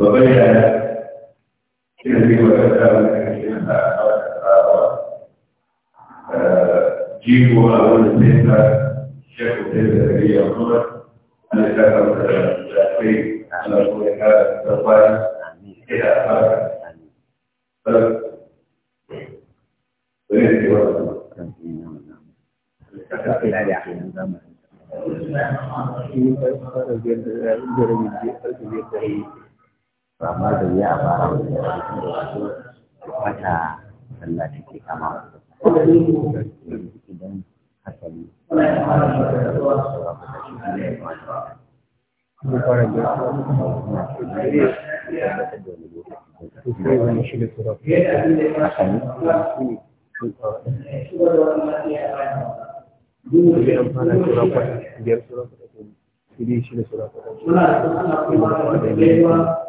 babban yaya shi ne zai wata damar kan shi na hawa jigo a wani senta shekku sai da gari a kuma an ta kamar da kuma fara Gracias. amma da wuya a fara wani wata sallah take kama idan hasali Biyar sura Suna da kuma kuma da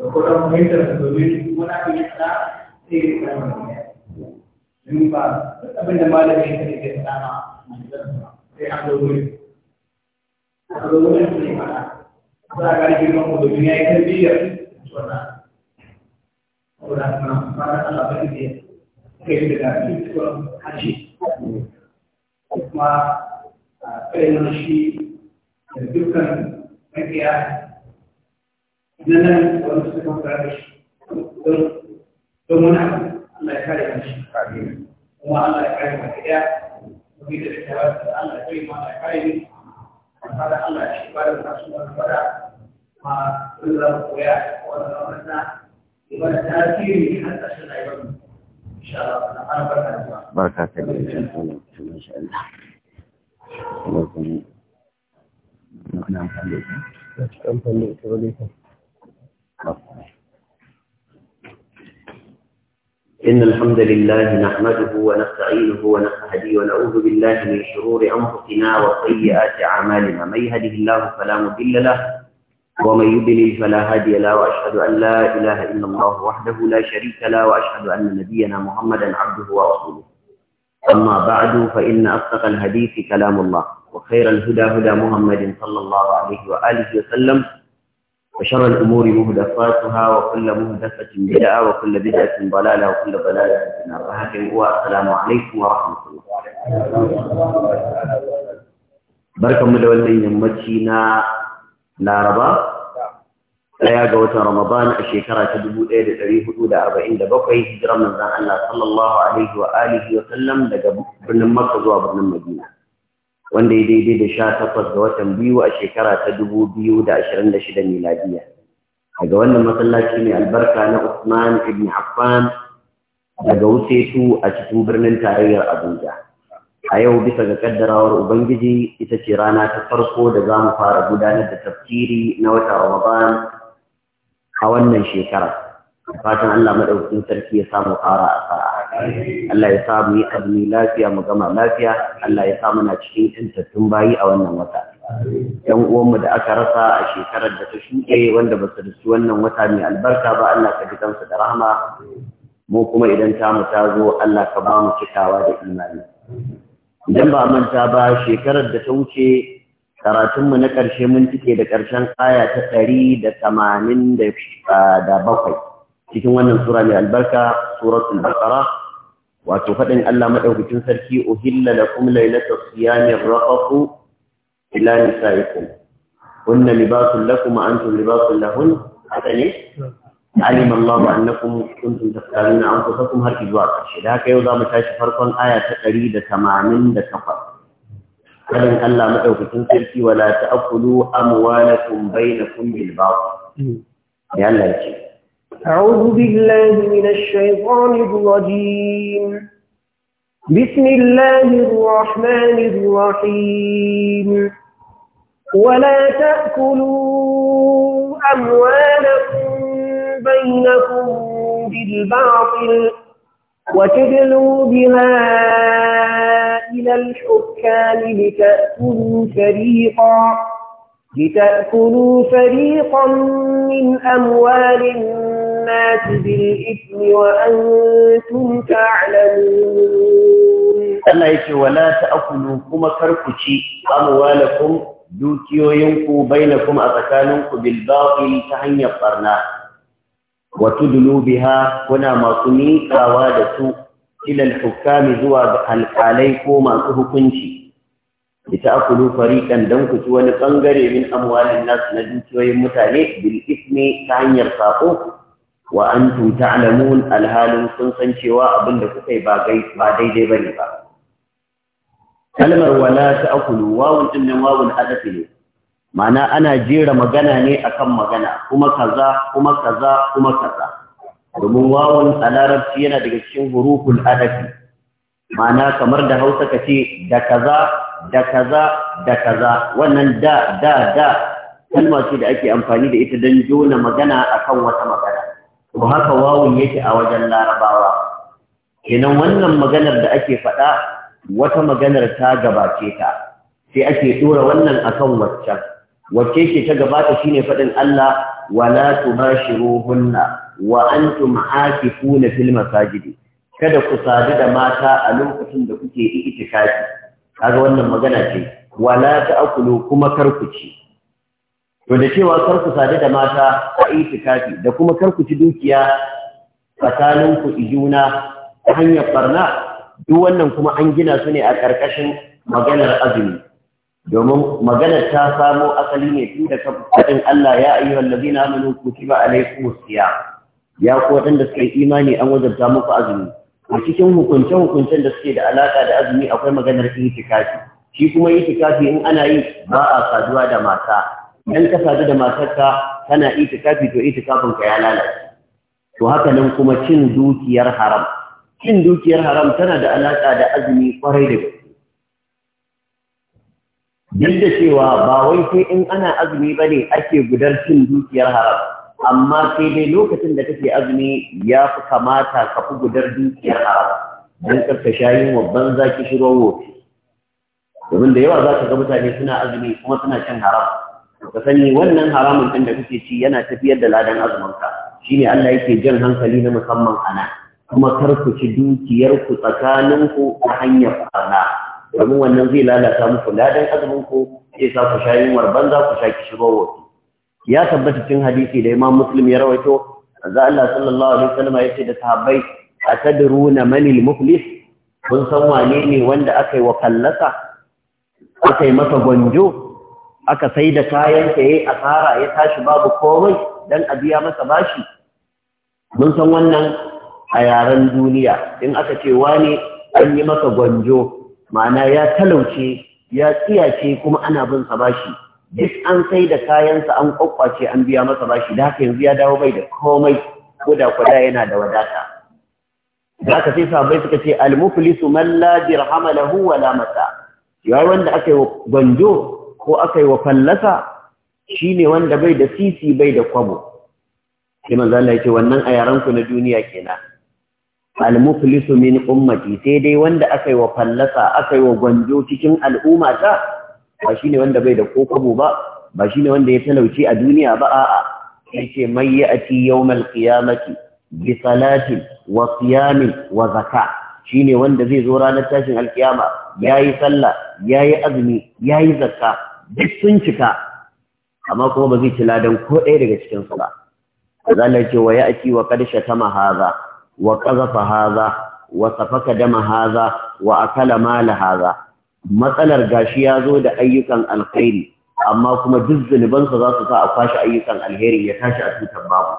Orang Malaysia sendiri mana kita tidak ramai. Jumpa, tapi nama lagi kita nama Saya ambil dulu. Ambil dulu yang paling mana. Saya akan kirim ke dunia itu dia. Suara. Orang mana? Mana Allah beri dia. Kebetulan itu haji. Kuma, penulis, ah, dukkan media ننام ونستكم بعيش ثمنا الله يكرمك آمين وما الله يكرمك إياه وفي ذلك الله يكرم الله يكرمك وقال الله يشفى الرسول والبراء ما كل القياس والرسالة يبقى تأثير حتى شرع يوم إن شاء الله أنا بركة الله بركة الله إن شاء الله الله يكرمك نعم نعم نعم نعم نعم إن الحمد لله نحمده ونستعينه ونستهديه ونعوذ بالله من شرور أنفسنا وسيئات أعمالنا من يهده الله فلا مضل له ومن يضلل فلا هادي له وأشهد أن لا إله إلا الله وحده لا شريك له وأشهد أن نبينا محمدا عبده ورسوله أما بعد فإن أصدق الحديث كلام الله وخير الهدى هدى محمد صلى الله عليه وآله وسلم وشر الأمور مهدفاتها وكل مهدفة بدعة وكل بدعة ضلالة وكل ضلالة في النار السلام عليكم ورحمة الله بارك الله من الولين يمتينا لاربا لا يقوة رمضان الشيكرة تدبو إيد تريه أولى أربعين لبقى هجرة من ذا الله صلى الله عليه وآله وسلم لقى بن مكة وابن المدينة wanda ya daidai da sha takwas ga watan biyu a shekara ta dubu biyu da ashirin da shida miladiya daga wannan masallaci mai albarka na Usman ibn Affan daga Wusetu a cikin birnin tarayyar Abuja a yau bisa ga kaddarawar Ubangiji ita ce rana ta farko da za mu fara gudanar da tafsiri na wata Ramadan a wannan shekara fatan Allah maɗaukin sarki ya samu fara a sa'a Allah ya sa mu yi azumi lafiya mu gama lafiya Allah ya sa muna cikin intattun bayi a wannan wata yan uwanmu da aka rasa a shekarar da ta shuke wanda ba su rasu wannan wata mai albarka ba Allah ka ji kansu da rahama mu kuma idan mu ta zo Allah ka ba mu cikawa da imani idan ba manta ba shekarar da ta wuce karatunmu na ƙarshe mun cike da ƙarshen aya ta ɗari da tamanin da ah, bakwai cikin wannan sura mai albarka suratul baqara wato faɗin Allah maɗaukacin sarki uhilla na kuma lailata ya ne rafafu ila nisa yi kun. Wannan libasun la tun libasun la haɗa ne? Alimin an na kuma kun tun na an kuma har zuwa ƙarshe. haka yau za mu tashi farkon aya ta ɗari da tamanin da takwas. Faɗin Allah maɗaukacin sarki wala ta akulu amuwa na kun na kun bilbaku. Mm. Ya ya ce. أعوذ بالله من الشيطان الرجيم بسم الله الرحمن الرحيم ولا تأكلوا أموالكم بينكم بالباطل وتدلوا بها إلى الحكام لتأكلوا فريقا لتأكلوا فريقا من أموال الناس بالإثم ta تعلمون kuma kar ku ci كما كركشي أموالكم dukiyoyinku kuma a tsakaninku bil batil ta hanyar barna wa tudlu biha kuna masu miƙawa da su ila hukami zuwa ga alƙalai ko masu hukunci ita akulu fariqan dan ku ci wani ɓangare min amwalin nas na dukiyoyin mutane bil ismi ta hanyar saƙo. wa antum ta'lamun alhalin sun san cewa abin da kuka yi ba daidai bane ba kalmar wala ta wawun din nan wawun adafi ne ma'ana ana jera magana ne akan magana kuma kaza kuma kaza kuma kaza domin wawun a larabci yana daga cikin hurufun adafi ma'ana kamar da hausa ka ce da kaza da kaza da kaza wannan da da da kalma ce da ake amfani da ita don jona magana akan wata magana to haka wawun yake a wajen larabawa kenan wannan maganar da ake faɗa wata maganar ta gabace ta sai ake dora wannan akan waccan wacce ce ta gabata shine faɗin Allah wala tubashiruhunna wa antum aakifuna fil masajidi kada ku sadu da mata a lokacin da kuke itikafi kaga wannan magana ce wala ta'kulu kuma kar ku ci to cewa kar ku sadu da mata a itikafi da kuma kar ku ci dukiya tsakanin ku juna ta hanyar barna duk wannan kuma an gina su ne a ƙarƙashin maganar azumi domin maganar ta samo asali ne tun da kafin Allah ya ayyuhal ladina amanu kutiba alaykumus siyam ya ku waɗanda suka yi imani an wajabta muku azumi a cikin hukunce-hukuncen da suke da alaƙa da azumi akwai maganar itikafi shi kuma itikafi in ana yi ba a saduwa da mata dan ka sadu da matarka kana itikafi to kafin ka ya lalace to haka nan kuma cin dukiyar haram cin dukiyar haram tana da alaka da azumi kwarai da gaske duk da cewa ba wai sai in ana azumi ba ne ake gudar cin dukiyar haram amma sai dai lokacin da kake azumi ya fi kamata ka fi gudar dukiyar haram dan karka shayin wabban zaki shiro wofi domin da yawa za ka ga mutane suna azumi kuma suna cin haram ka sani wannan haramun ɗin da kake ci yana tafiyar da ladan azumanka shine Allah yake jan hankali na musamman ana kuma kar ku ci dukiyar ku tsakaninku ta hanyar farna domin wannan zai lalata muku ladan azumin ku zai sa ku sha yunwar banza ku sha kishirowar ya tabbata cin hadisi da Imam Muslim ya rawaito manzo Allah sallallahu alaihi wasallam ya ce da sahabbai atadruna manil muflis kun san wane ne wanda aka yi wa kallasa aka yi masa gwanjo aka sai da kayan ta yayi asara ya tashi babu komai don a biya masa bashi mun san wannan a yaren duniya in aka ce wani an yi masa gwanjo ma'ana ya talauce ya tsiyace kuma ana bin sa bashi duk an sai da kayansa an kwakwace an biya masa bashi da haka yanzu ya dawo bai da komai ko da kwada yana da wadata da aka sai sabai suka ce al-muflisu man la dirhama lahu mata yayi wanda aka yi gwanjo ko aka yi wa fallasa shi ne wanda bai da sisi bai da kwabo shi ma zala yake wannan a yaranku na duniya kenan al muflisu min ummati sai dai wanda aka yi wa fallasa aka yi wa gwanjo cikin al'umma ta ba ne wanda bai da kwabo ba ba shi ne wanda ya talauci a duniya ba a'a yake mai ya'ati yawmal qiyamati bi salatin wa siyamin wa zaka shine wanda zai zo ranar tashin alkiyama yayi sallah yayi azumi yayi zakka duk sun cika amma kuma ba zai ci ladan ko ɗaya daga cikin su ba zalla ce wa ya aki wa qad shatama mahaza, wa qazafa haza, wa safaka dama mahaza, wa akala mala haza. matsalar gashi ya zo da ayyukan alkhairi amma kuma duk zunubansa za su sa a kwashe ayyukan alheri ya tashi a tutar babu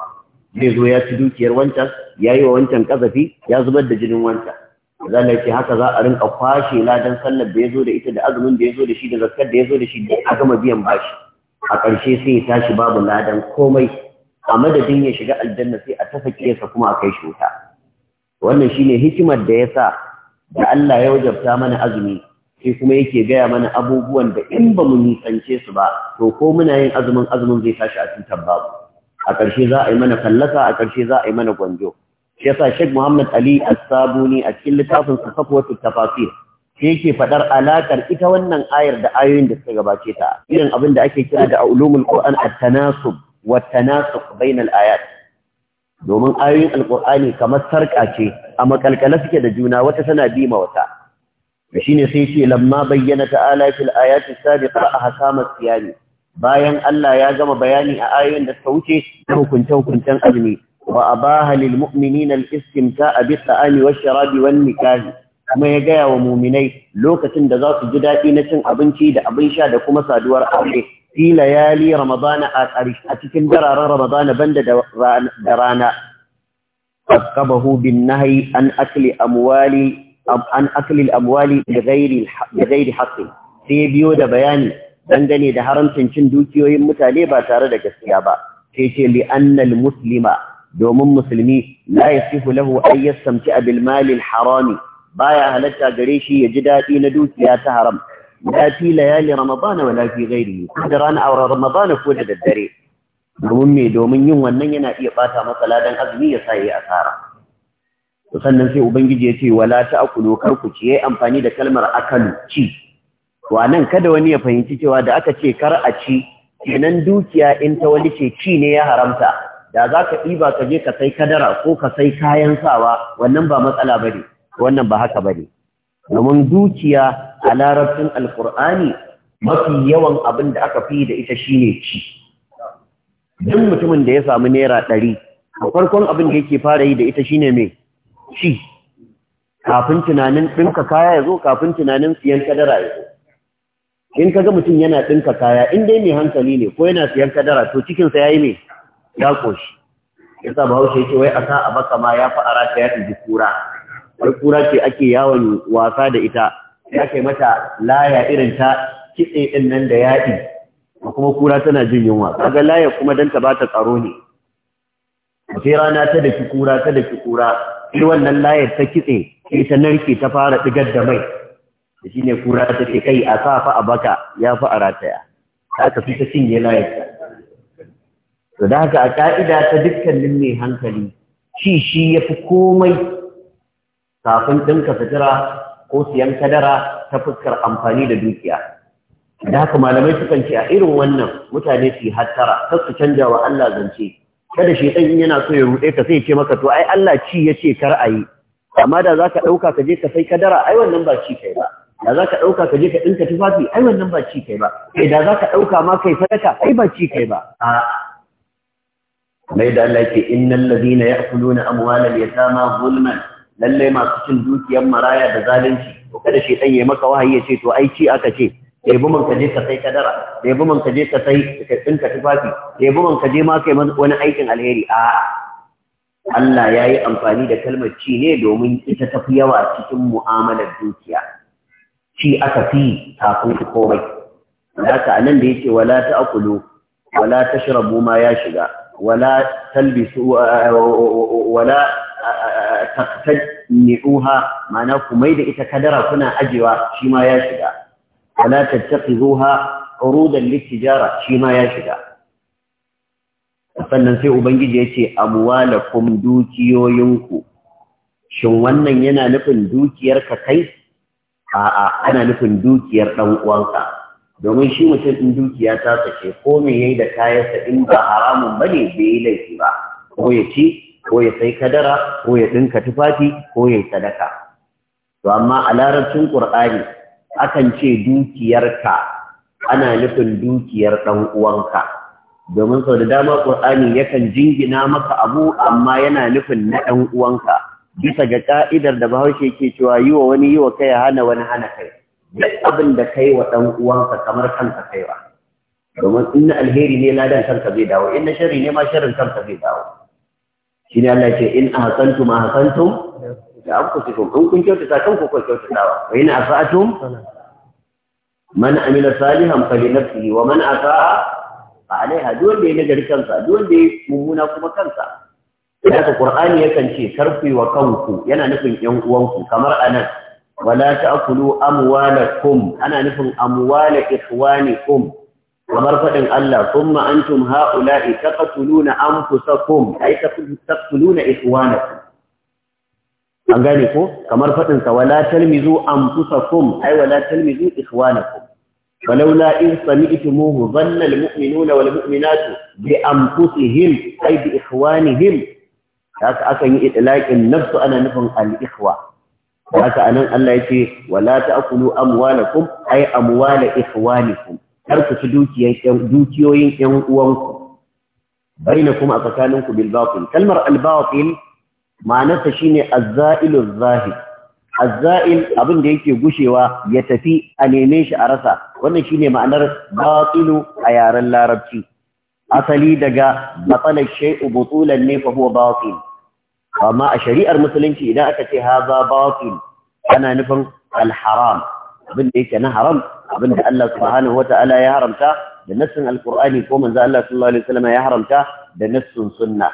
zai zo ya ci dukiyar wancan ya yi wa wancan kazafi ya zubar da jinin wancan zalla yake haka za a rinka kwashe ladan sallar da ya zo da ita da azumin da ya zo da shi da zakkar da ya zo da shi da a gama biyan bashi a ƙarshe sai ya tashi babu ladan komai a madadin ya shiga aljanna sai a tafa kiyarsa kuma a kai shi wuta wannan shine hikimar da ya sa da Allah ya wajabta mana azumi sai kuma yake gaya mana abubuwan da in ba mu nisance su ba to ko muna yin azumin azumin zai tashi a cutar babu a ƙarshe za a yi mana fallaka a ƙarshe za a yi mana gwanjo yasa Sheikh Muhammad Ali As-Sabuni a cikin littafin Safawatu Tafasir shi yake fadar alakar ita wannan ayar da ayoyin da suka gabace ta irin abin da ake kira da ulumul Qur'an at-tanasub wa tanasub bainal ayat domin ayoyin alqur'ani kamar sarka ce a makalkala suke da juna wata tana bi ma wata shine sai ce lamma bayyana ta'ala fil ayati sabiqa ahkama siyami bayan Allah ya gama bayani a ayoyin da suka wuce da hukunce hukuncen azumi a وأباها للمؤمنين الاستمتاع بالطعام والشراب والنكاح kuma ya gaya wa muminai lokacin da za su ji daɗi na cin abinci da abin sha da kuma saduwar aure fi layali ramadana a cikin dararen ramadana banda da rana askabahu bin nahyi an akli amwali an akli sai biyo da bayani dangane da haramcin cin dukiyoyin mutane ba tare da gaskiya ba sai ce li annal muslima domin musulmi la yasihu lahu an yastamti'a bil mali harami baya halatta gare shi ya ji daɗi na dukiya ta haram la fi layali ramadan wa la fi ghairihi da rana aure ramadan ko da daddare domin me domin yin wannan yana iya bata masa ladan azumi ya sa yi asara sannan sai ubangiji ya ce wala ta'kulu karku ci yayi amfani da kalmar akalu ci to anan kada wani ya fahimci cewa da aka ce kar a ci kenan dukiya in ta wani ce ci ne ya haramta da za ka ɗiba ka je ka sai kadara ko ka sai kayan sawa wannan ba matsala ba ne wannan ba haka ba ne domin dukiya a larabcin alkur'ani mafi yawan abin da aka fi da ita shine ci duk mutumin da ya samu naira ɗari a farkon abin da yake fara yi da ita shine mai ci kafin tunanin ɗinka kaya ya zo kafin tunanin siyan kadara ya zo in ka ga mutum yana ɗinka kaya in dai mai hankali ne ko yana siyan kadara to cikinsa ya yi mai ya koshi yasa bahaushe ke wai sa a baka ma ya fi ya tafi kura wai kura ce ake yawon wasa da ita ya kai mata laya irin ta kitse ɗin nan da yaɗi kuma kura tana jin yunwa kaga laya kuma dan ta bata tsaro ne sai rana ta da fi kura ta da fi kura sai wannan layar ta kitse sai ta narke ta fara digar da mai shine kura ta ce kai a safa a baka ya fi a rataya ta fi ta cinye layar ta to da haka a ka'ida ta dukkanin mai hankali shi shi ya fi komai kafin ɗinka fitira ko siyan kadara ta fuskar amfani da dukiya da haka malamai sukan ce a irin wannan mutane su yi hattara kar su canja wa Allah zance kada shi ɗan yana so ya ruɗe ka sai ce maka to ai Allah ci ya ce kar a yi amma da za ka ɗauka ka je ka sai kadara ai wannan ba ci kai ba da za ka ɗauka ka je ka ɗinka tufafi ai wannan ba ci kai ba eh, da za ka ɗauka ma kai sadaka ai ba ci kai ba a'a mai da Allah ke innal ladina ya'kuluna amwalal yatama zulman lallai masu cin dukiyar maraya da zalunci to kada shi dan yayi maka wahayi yace to ai ci aka ce bu man ka ka sai kadara bu man ka ka sai ka tsinka tufafi kai bu man ka ma kai wani aikin alheri a Allah ya yi amfani da kalmar ci ne domin ita tafi yawa cikin mu'amalar dukiya ci aka fi kafin komai haka anan da yake wala ta Akulu, wala shirabu ma ya shiga ولا تلبسوا ولا تقتنعوها معناه كميد إتكدر كنا أجوا شما ياشدا ولا تتخذوها عروضا للتجارة شما ياشدا sannan sai ubangiji ya ce amwalakum dukiyoyinku shin wannan yana nufin dukiyar ka kai a'a ana nufin dukiyar dan uwanka domin shi mutum in dukiya ta sace ko me yayi da kayansa in ba haramun bane bai yi laifi ba ko ya ci ko ya sai kadara ko ya ɗinka tufafi ko ya sadaka to amma a larabcin qur'ani akan ce dukiyarka ana nufin dukiyar dan uwanka domin sau da dama qur'ani yakan jingina maka abu amma yana nufin na dan uwanka bisa ga ka'idar da bahaushe ke cewa yi wa wani yi wa kai hana wani hana kai duk abin da kai wa ɗan uwanka kamar kanka kaiwa domin in na alheri ne ladan kanka zai dawo in na shari ne ma sharin kanka zai dawo shi ne Allah ce in ahsantum ahsantum da anfusikum in kun kyautata kanku ko kun kyautatawa wa in asa'atum man amila salihan fali nafsihi wa man asa'a fa alaiha duk wanda ya nagari kansa duk wanda ya mummuna kuma kansa da haka qur'ani yakan ce karfi wa kanku yana nufin yan uwanku kamar anan wala ta'kulu amwalakum ana nufin amwala ikhwanikum kamar fadin Allah kuma antum haula'i taqtuluna anfusakum ay taqtuluna ikhwanakum an gane ko kamar fadin sa wala talmizu anfusakum ay wala talmizu ikhwanakum ولولا bi سمعتموه ظن المؤمنون والمؤمنات بأنفسهم أي yi أكن إطلاق النفس أنا نفهم الإخوة haka anan Allah yake wala ta'kulu amwalakum ay amwala ikhwanikum kar ku ci dukiyoyin dukiyoyin ƴan uwanku bainakum a tsakaninku bil batil kalmar al batil ma'anarsa shine az-za'ilu zahid abin da yake gushewa ya tafi a neme shi a rasa wannan shine ma'anar batilu a yaren larabci asali daga batala shay'u butulan ne fa huwa batil amma a shari'ar musulunci idan aka ce haza batil ana nufin alharam abin da yake na haram abin da Allah subhanahu wata'ala ya haramta da nassin alqur'ani ko manzo Allah sallallahu alaihi wasallam ya haramta da nassin sunna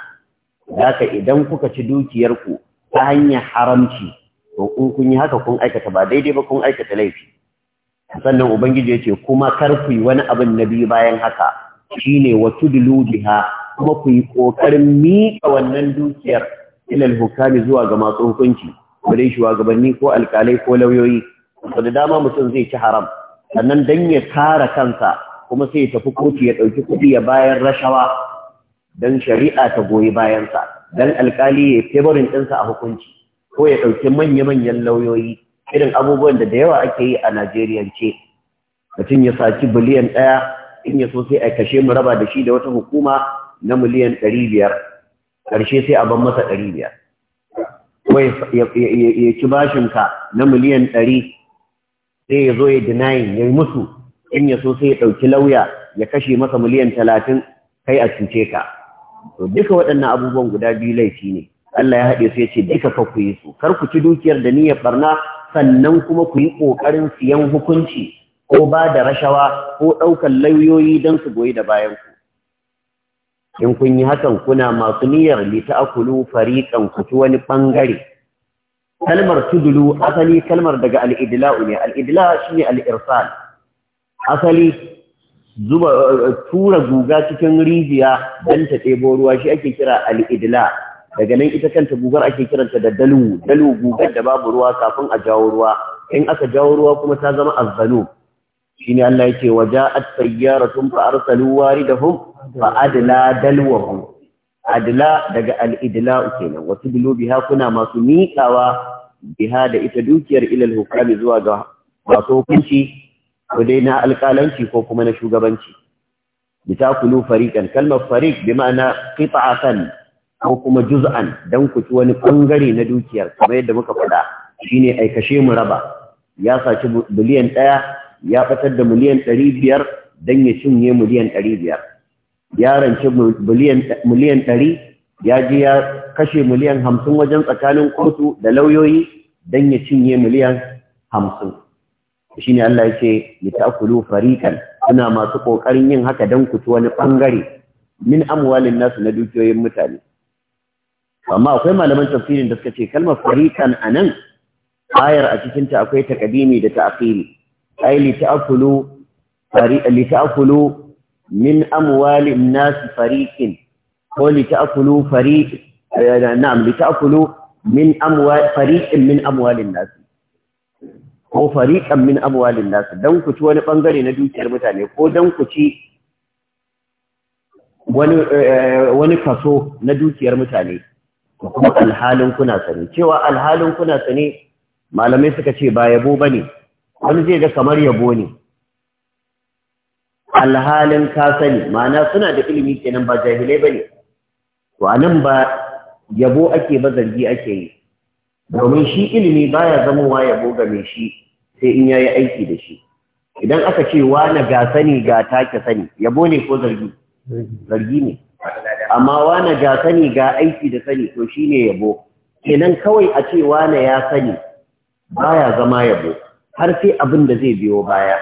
haka idan kuka ci dukiyar ku ta hanyar haramci to in kun yi haka kun aikata ba daidai ba kun aikata laifi sannan ubangiji yace kuma kar ku yi wani abin nabi bayan haka shine wa tudlu biha kuma ku yi kokarin miƙa wannan dukiyar ilal hukami zuwa ga masu hukunci bare shugabanni ko alkalai ko lauyoyi to da dama mutum zai ci haram sannan dan ya kare kansa kuma sai ya tafi kotu ya dauki kudi ya bayar rashawa dan shari'a ta goyi bayan sa dan alkali ya favorin sa a hukunci ko ya dauki manya-manyan lauyoyi irin abubuwan da da yawa ake yi a Najeriya ce mutum ya saci biliyan ɗaya in ya so sai a kashe mu raba da shi da wata hukuma na miliyan ɗari biyar ƙarshe sai a ban masa ɗari biyar ko ya ci bashinka na miliyan ɗari sai ya zo ya dinayin ya yi musu in ya so sai ya ɗauki lauya ya kashe masa miliyan talatin kai a cuce ka to duka waɗannan abubuwan guda biyu laifi ne Allah ya haɗe su ya ce duka ka ku yi su kar ku ci dukiyar da niyyar ɓarna, sannan kuma ku yi ƙoƙarin siyan hukunci ko ba da rashawa ko ɗaukar lauyoyi don su goyi da bayan ku in kun yi hakan kuna masu niyyar li ta'kulu fariqan ku wani bangare kalmar tudulu asali kalmar daga al-idla'u ne al-idla shine al-irsal asali zuba tura guga cikin rijiya dan ta ɗebo ruwa shi ake kira al-idla daga nan ita kanta gugar ake kiranta da dalu dalu gugar da babu ruwa kafin a jawo ruwa in aka jawo ruwa kuma ta zama azzalu shine Allah yake waja'at sayyaratun fa arsalu waridahum fa adla dalwahu adla daga al-idla kenan wasu bilu biha kuna masu miƙawa biha da ita dukiyar ilal hukami zuwa ga masu hukunci ko dai na alƙalanci ko kuma na shugabanci Kulu fariqan kalmar fariq bi ma'ana qit'atan ko kuma juz'an dan ku ci wani bangare na dukiyar kamar yadda muka faɗa shine ai kashe mu raba ya saci biliyan ɗaya, ya fitar da miliyan ɗari biyar, dan ya cinye miliyan ɗari biyar. ya rance miliyan ɗari ya ji ya kashe miliyan hamsin wajen tsakanin kotu da lauyoyi don ya cinye miliyan hamsin shi ne Allah ya ce litakulu farikan suna masu ƙoƙarin yin haka don ku wani ɓangare min amwalin nasu na dukiyoyin mutane amma akwai malaman tafsirin da suka ce kalmar farikan a nan ayar a cikinta akwai takadimi da ta'akhiri ai litakulu min amwalin nasu fariqin ko li ta'kulu fariq eh, na'am li ta'kulu min amwal fariqin min amwalin nasu ko fariƙan min amwalin nasu Dan ku ci wani ɓangare na dukiyar mutane ko dan ku ci wani eh, kaso na dukiyar mutane ko kuma alhalin kuna sani cewa alhalin kuna sani malamai suka ce ba yabo ba ne wani zai ga kamar yabo ne alhalin ka sani ma'ana suna da ilimi kenan ba jahilai bane to anan ba yabo ake ba zargi ake yi domin shi ilimi baya zamowa yabo ga mai shi sai in yayi aiki da shi idan aka ce na ga sani ga take sani yabo ne ko zargi zargi ne amma na ga sani ga aiki da sani to shine yabo kenan kawai a ce na ya sani baya zama yabo har sai abin da zai biyo baya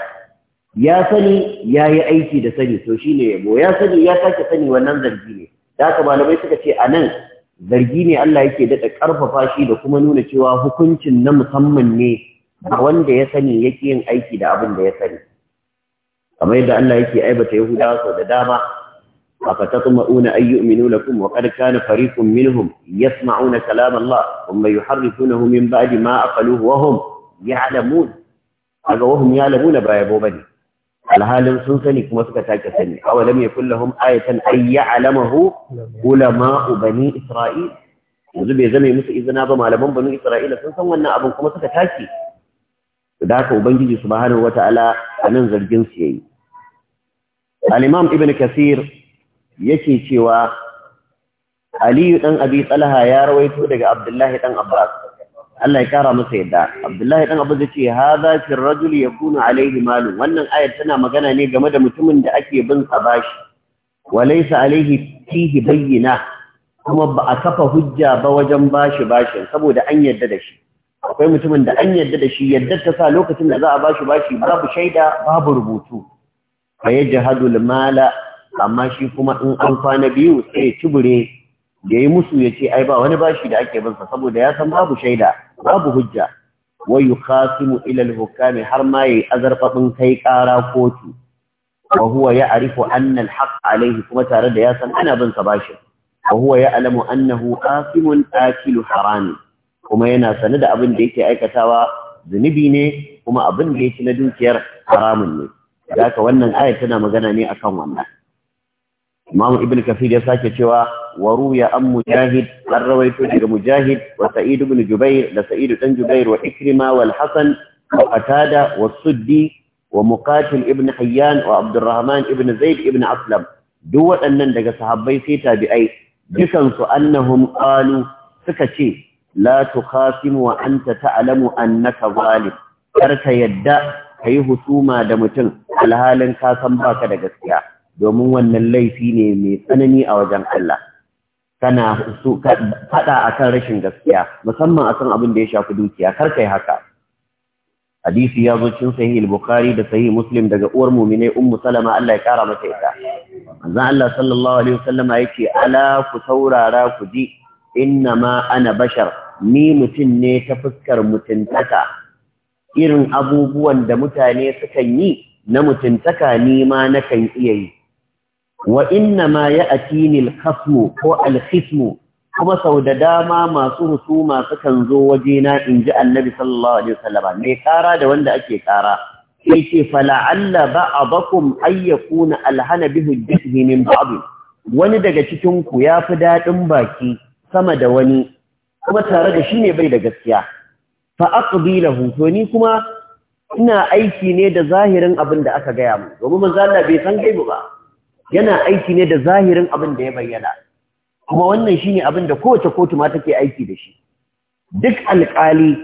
ya sani ya yi aiki da sani to shine yabo ya sani ya sake sani wannan zargi ne da haka malamai suka ce a nan zargi ne Allah yake daɗa ƙarfafa shi da kuma nuna cewa hukuncin na musamman ne ga wanda ya sani yake yin aiki da abin da ya sani kamar yadda Allah yake aibata Yahudawa sau da dama أفتطمئون أن يؤمنوا لكم وقد كان فريق منهم يسمعون كلام الله ثم يحرفونه من بعد ما أقلوه وهم يعلمون هذا وهم يعلمون بايبو بني alhalin sun sani kuma suka take sani awalam yakul lahum ayatan ay ya'lamahu ulama'u bani isra'il yanzu bai zama musu izina ba malaman bani isra'ila sun san wannan abin kuma suka take da haka ubangiji subhanahu wata'ala a nan zargin su yayi al-imam ibn kasir yake cewa aliyu dan abi talha ya rawaito daga abdullahi dan abbas Allah ya kara masa yadda Abdullahi dan Abu zai ce hadha fi rajul yakunu alayhi malu wannan ayat tana magana ne game da mutumin da ake bin sa bashi wa laysa alayhi fihi bayyina kuma ba a kafa hujja ba wajen bashi bashin saboda an yadda da shi akwai mutumin da an yadda da shi yadda ta sa lokacin da za a bashi bashi babu shaida babu rubutu fa yajhadul mala amma shi kuma in an kwana biyu sai ya cibure da yi musu ya ce ai ba wani bashi da ake binsa saboda ya san babu shaida babu hujja wa yukhasimu ila al-hukami har ma yayi azarfafin kai ƙara kotu wa huwa ya'rifu anna al-haqq alayhi kuma tare da ya san ana bin sa bashi wa huwa ya'lamu annahu asimun akilu harami kuma yana sane da abin da yake aikatawa zunubi ne kuma abin da yake na dukiyar haramun ne da wannan ayat tana magana ne akan wannan Imam Ibn Kathir ya sake cewa وروي عن مجاهد عن رويت مجاهد وسعيد بن جبير لسعيد بن جبير وإكرمة والحسن وقتادة والسدي ومقاتل ابن حيان وعبد الرحمن ابن زيد ابن أسلم دو أنن دقى صحابي سيتا بأي جسنس أنهم قالوا سكتي لا تخاصم وأنت تعلم أنك ظالم كرك يدى كي هسوما دمتن الهالن كاسم باك دقى سيا domin wannan laifi ne mai tsanani a wajen Allah kana su akan rashin gaskiya musamman akan abin da ya shafi dukiya kar kai haka hadisi ya zo cin sahih al-bukhari da sahih muslim daga uwar mu'minai ummu salama Allah ya kara mata ita manzon Allah sallallahu alaihi wasallama yace ala ku saurara ku ji inna ma ana bashar ni mutum ne ta fuskar mutuntaka irin abubuwan da mutane sukan yi na mutuntaka ni ma nakan iya yi wa inna ma ya atini al-khasmu ko al-khismu kuma sau da dama masu husuma sukan zo wajena in ji annabi sallallahu alaihi wasallam mai kara da wanda ake kara sai ce fala'alla ba'dakum ay yakuna alhana bi hujjatihi min ba'd wani daga cikin ku fi dadin baki sama da wani kuma tare da shi ne bai da gaskiya fa aqdi lahu to ni kuma ina aiki ne da zahirin abin da aka gaya mu domin manzo Allah bai san gaibu ba yana aiki ne da zahirin abin da ya bayyana kuma wannan shine abin da kowace kotu ma take aiki da shi duk alƙali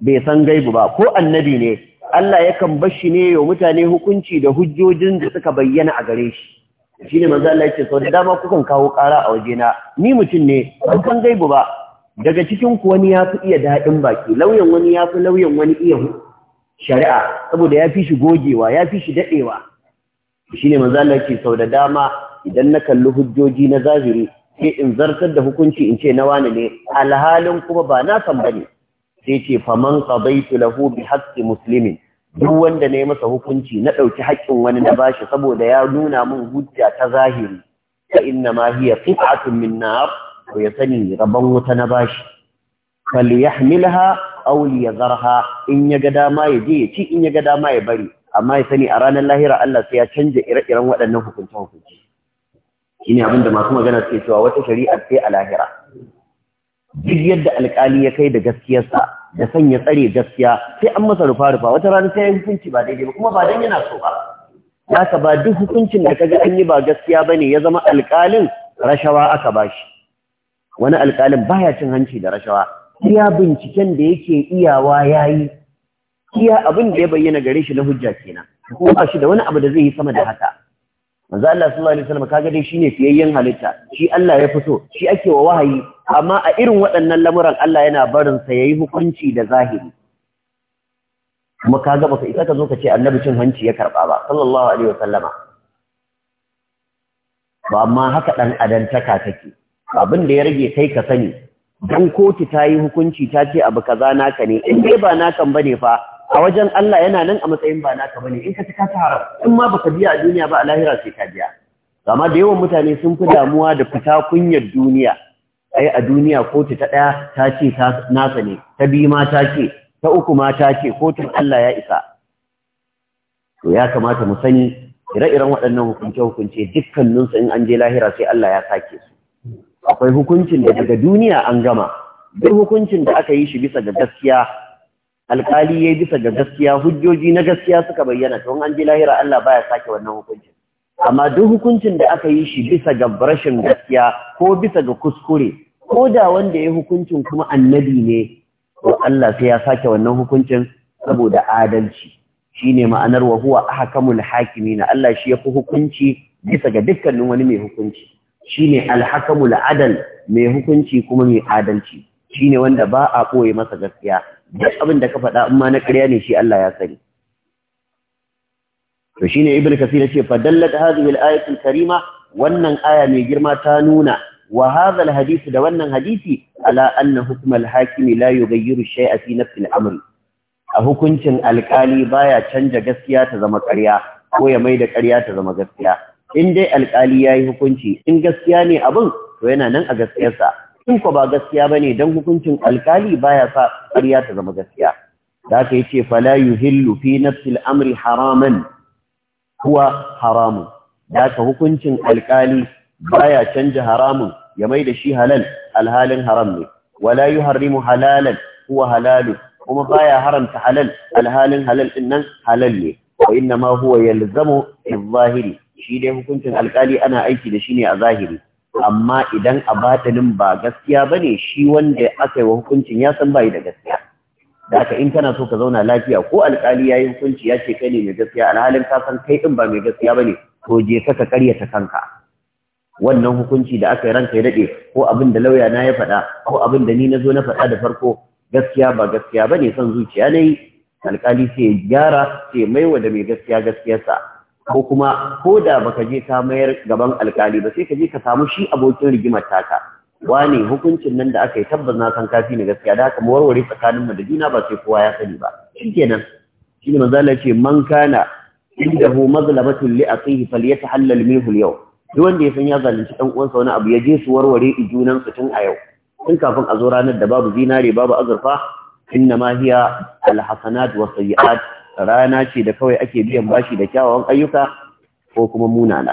bai san gaibu ba ko annabi ne Allah yakan bar ne wa mutane hukunci da hujjojin da suka bayyana a gare shi shine manzo Allah yake so da dama kukan kawo kara a waje na. ni mutum ne ban san gaibu ba daga cikin ku wani ya fi iya daɗin baki lauyan wani ya fi lauyan wani iya shari'a saboda ya fi shi gogewa ya fi shi daɗewa shi ne manzo ke sau da dama idan na kalli hujjoji na zahiri sai in zartar da hukunci in ce na wani ne alhalin kuma ba na san bane sai ce faman qadaitu lahu bi haqqi muslimin duk wanda ne masa hukunci na ɗauki haƙƙin wani na bashi saboda ya nuna min hujja ta zahiri fa inna ma hiya qit'atun min nar ya sani rabon wuta na bashi falyahmilha aw liyadharha in ya ga dama ya je ya ci in ya ga dama ya bari amma ya sani a ranar lahira Allah sai ya canja ire-iren waɗannan hukunce-hukunce shine abin da masu magana suke cewa wata shari'ar sai a lahira duk yadda alƙali ya kai da gaskiyarsa da sanya tsare gaskiya sai an masa rufa-rufa wata rana sai ya hukunci ba daidai ba kuma ba dan yana so ba ya ka ba duk hukuncin da kaga an yi ba gaskiya ba ne ya zama alƙalin rashawa aka ba shi wani alƙalin baya cin hanci da rashawa iya binciken da yake iyawa yayi iya abin da ya bayyana gare shi na hujja kenan ko ba shi da wani abu da zai yi sama da haka manzo Allah sallallahu alaihi wasallam kaga dai shine fiyayyen halitta shi Allah ya fito shi ake wa wahayi amma a irin waɗannan lamuran Allah yana barin sa yayi hukunci da zahiri kuma kaga baka isa ka zo ka ce annabi cin hanci ya karba ba sallallahu alaihi wasallama ba amma haka dan adantaka take abin da ya rage kai ka sani dan kotu ta yi hukunci ta ce abu kaza naka ne in dai ba nakan bane fa a wajen Allah yana nan a matsayin ba naka bane in ka ci ka haram in ma baka biya a duniya ba a lahira sai ka biya amma da yawan mutane sun fi damuwa da fita kunyar duniya ai a duniya kotu ta ɗaya ta ce ta nasa ne ta biyu ma ta ce ta uku ma ta ce kotun Allah ya isa to ya kamata mu sani ire-iren waɗannan hukunce-hukunce dukkaninsu in an je lahira sai Allah ya sake su akwai hukuncin da daga duniya an gama duk hukuncin da aka yi shi bisa ga gaskiya alƙali yi bisa ga gaskiya hujjoji na gaskiya suka bayyana to an ji lahira Allah baya sake wannan hukuncin amma duk hukuncin da aka yi shi bisa ga rashin gaskiya ko bisa ga kuskure ko da wanda ya hukuncin kuma annabi ne to Allah sai ya sake wannan hukuncin saboda adalci shine ma'anar wa huwa ahkamul hakimin Allah shi yafi hukunci bisa ga dukkanin wani mai hukunci shine alhakamul adal mai hukunci kuma mai adalci shine wanda ba a koye masa gaskiya duk abin da ka faɗa in ma na ƙarya ne shi Allah ya sani to shine ibn kasir ce, fa dallat hadhihi al karima wannan aya mai girma ta nuna wa hadisi da wannan hadisi ala anna hukumar hakimi la yughayyiru shay'a fi nafsi al a hukuncin alƙali baya canja gaskiya ta zama ƙarya ko ya maida ƙarya ta zama gaskiya in dai alƙali yayi hukunci in gaskiya ne abin to yana nan a gaskiyarsa in ko ba gaskiya ba ne dan hukuncin alkali baya sa ƙarya ta zama gaskiya da aka yace fala yuhillu fi nafsi amri haraman huwa haramun da ka hukuncin alkali baya canja haramun ya mai da shi halal alhalin haram ne wala yuharrimu halalan kuwa halalu kuma baya haramta halal alhalin halal din nan halal ne wa inna ma huwa yalzamu fi zahiri shi dai hukuncin alkali ana aiki da shi ne a zahiri amma idan a batilin ba gaskiya ba ne shi wanda aka yi wa hukuncin ya san bayi da gaskiya da aka in kana so ka zauna lafiya ko alkali ya yi hukunci ya ce kai ne mai gaskiya alhalin ka san kai din ba mai gaskiya ba ne to je ka ka ta kanka wannan hukunci da aka yi ranka ya daɗe ko abin da lauya na ya faɗa ko abin da ni na zo na faɗa da farko gaskiya ba gaskiya ba ne son zuciya na yi alkali sai ya gyara sai maiwa da mai gaskiya gaskiyarsa ko kuma ko da baka je ka mayar gaban alkali ba sai ka je ka samu shi abokin rigimar taka wane hukuncin nan da aka yi tabbas na san kafi ne gaskiya da haka warware tsakanin mu da juna ba sai kowa ya sani ba shi nan! shi ne Allah ce man kana hu mazlamatun li akhihi falyatahallal minhu al yau duk wanda ya san ya zalunci dan uwansa wani abu ya je su warware junan su tun a yau tun kafin a zo ranar da babu zinare babu azurfa inna ma hiya al-hasanat wa sayyi'at rana ce da kawai ake biyan bashi da kyawawan ayyuka ko kuma munana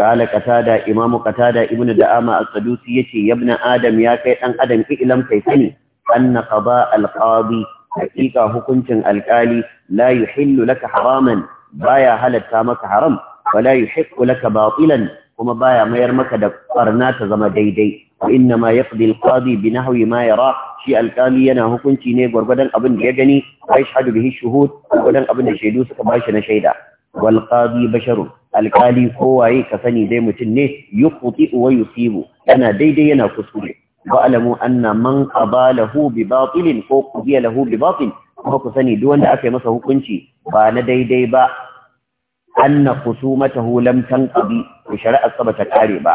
kala qatada imamu katada ibnu da'ama as-sadusi yace yabna adam ya kai dan adam ki ilam kai sani anna qada al-qadi hakika hukuncin alkali la yuhillu laka haraman baya halatta maka haram wala yuhiqqu laka batilan kuma baya mayar maka da barna ta zama daidai inna ma yaqdi al-qadi bi nahwi ma yara shi alkali yana hukunci ne gwargwadon abin da ya gani wa yashhadu bihi shuhud gwargwadon abin da shaidu suka shi na shaida wal qadi basharun alƙali kowaye ka sani dai mutum ne yukhti wa yusibu yana daidai yana kuskure wa alamu anna man qabalahu bi batilin ko qudiya lahu bi batil kuma ku sani duk wanda aka yi masa hukunci ba na daidai ba anna khusumatahu lam tanqadi ku shari'a saba ta kare ba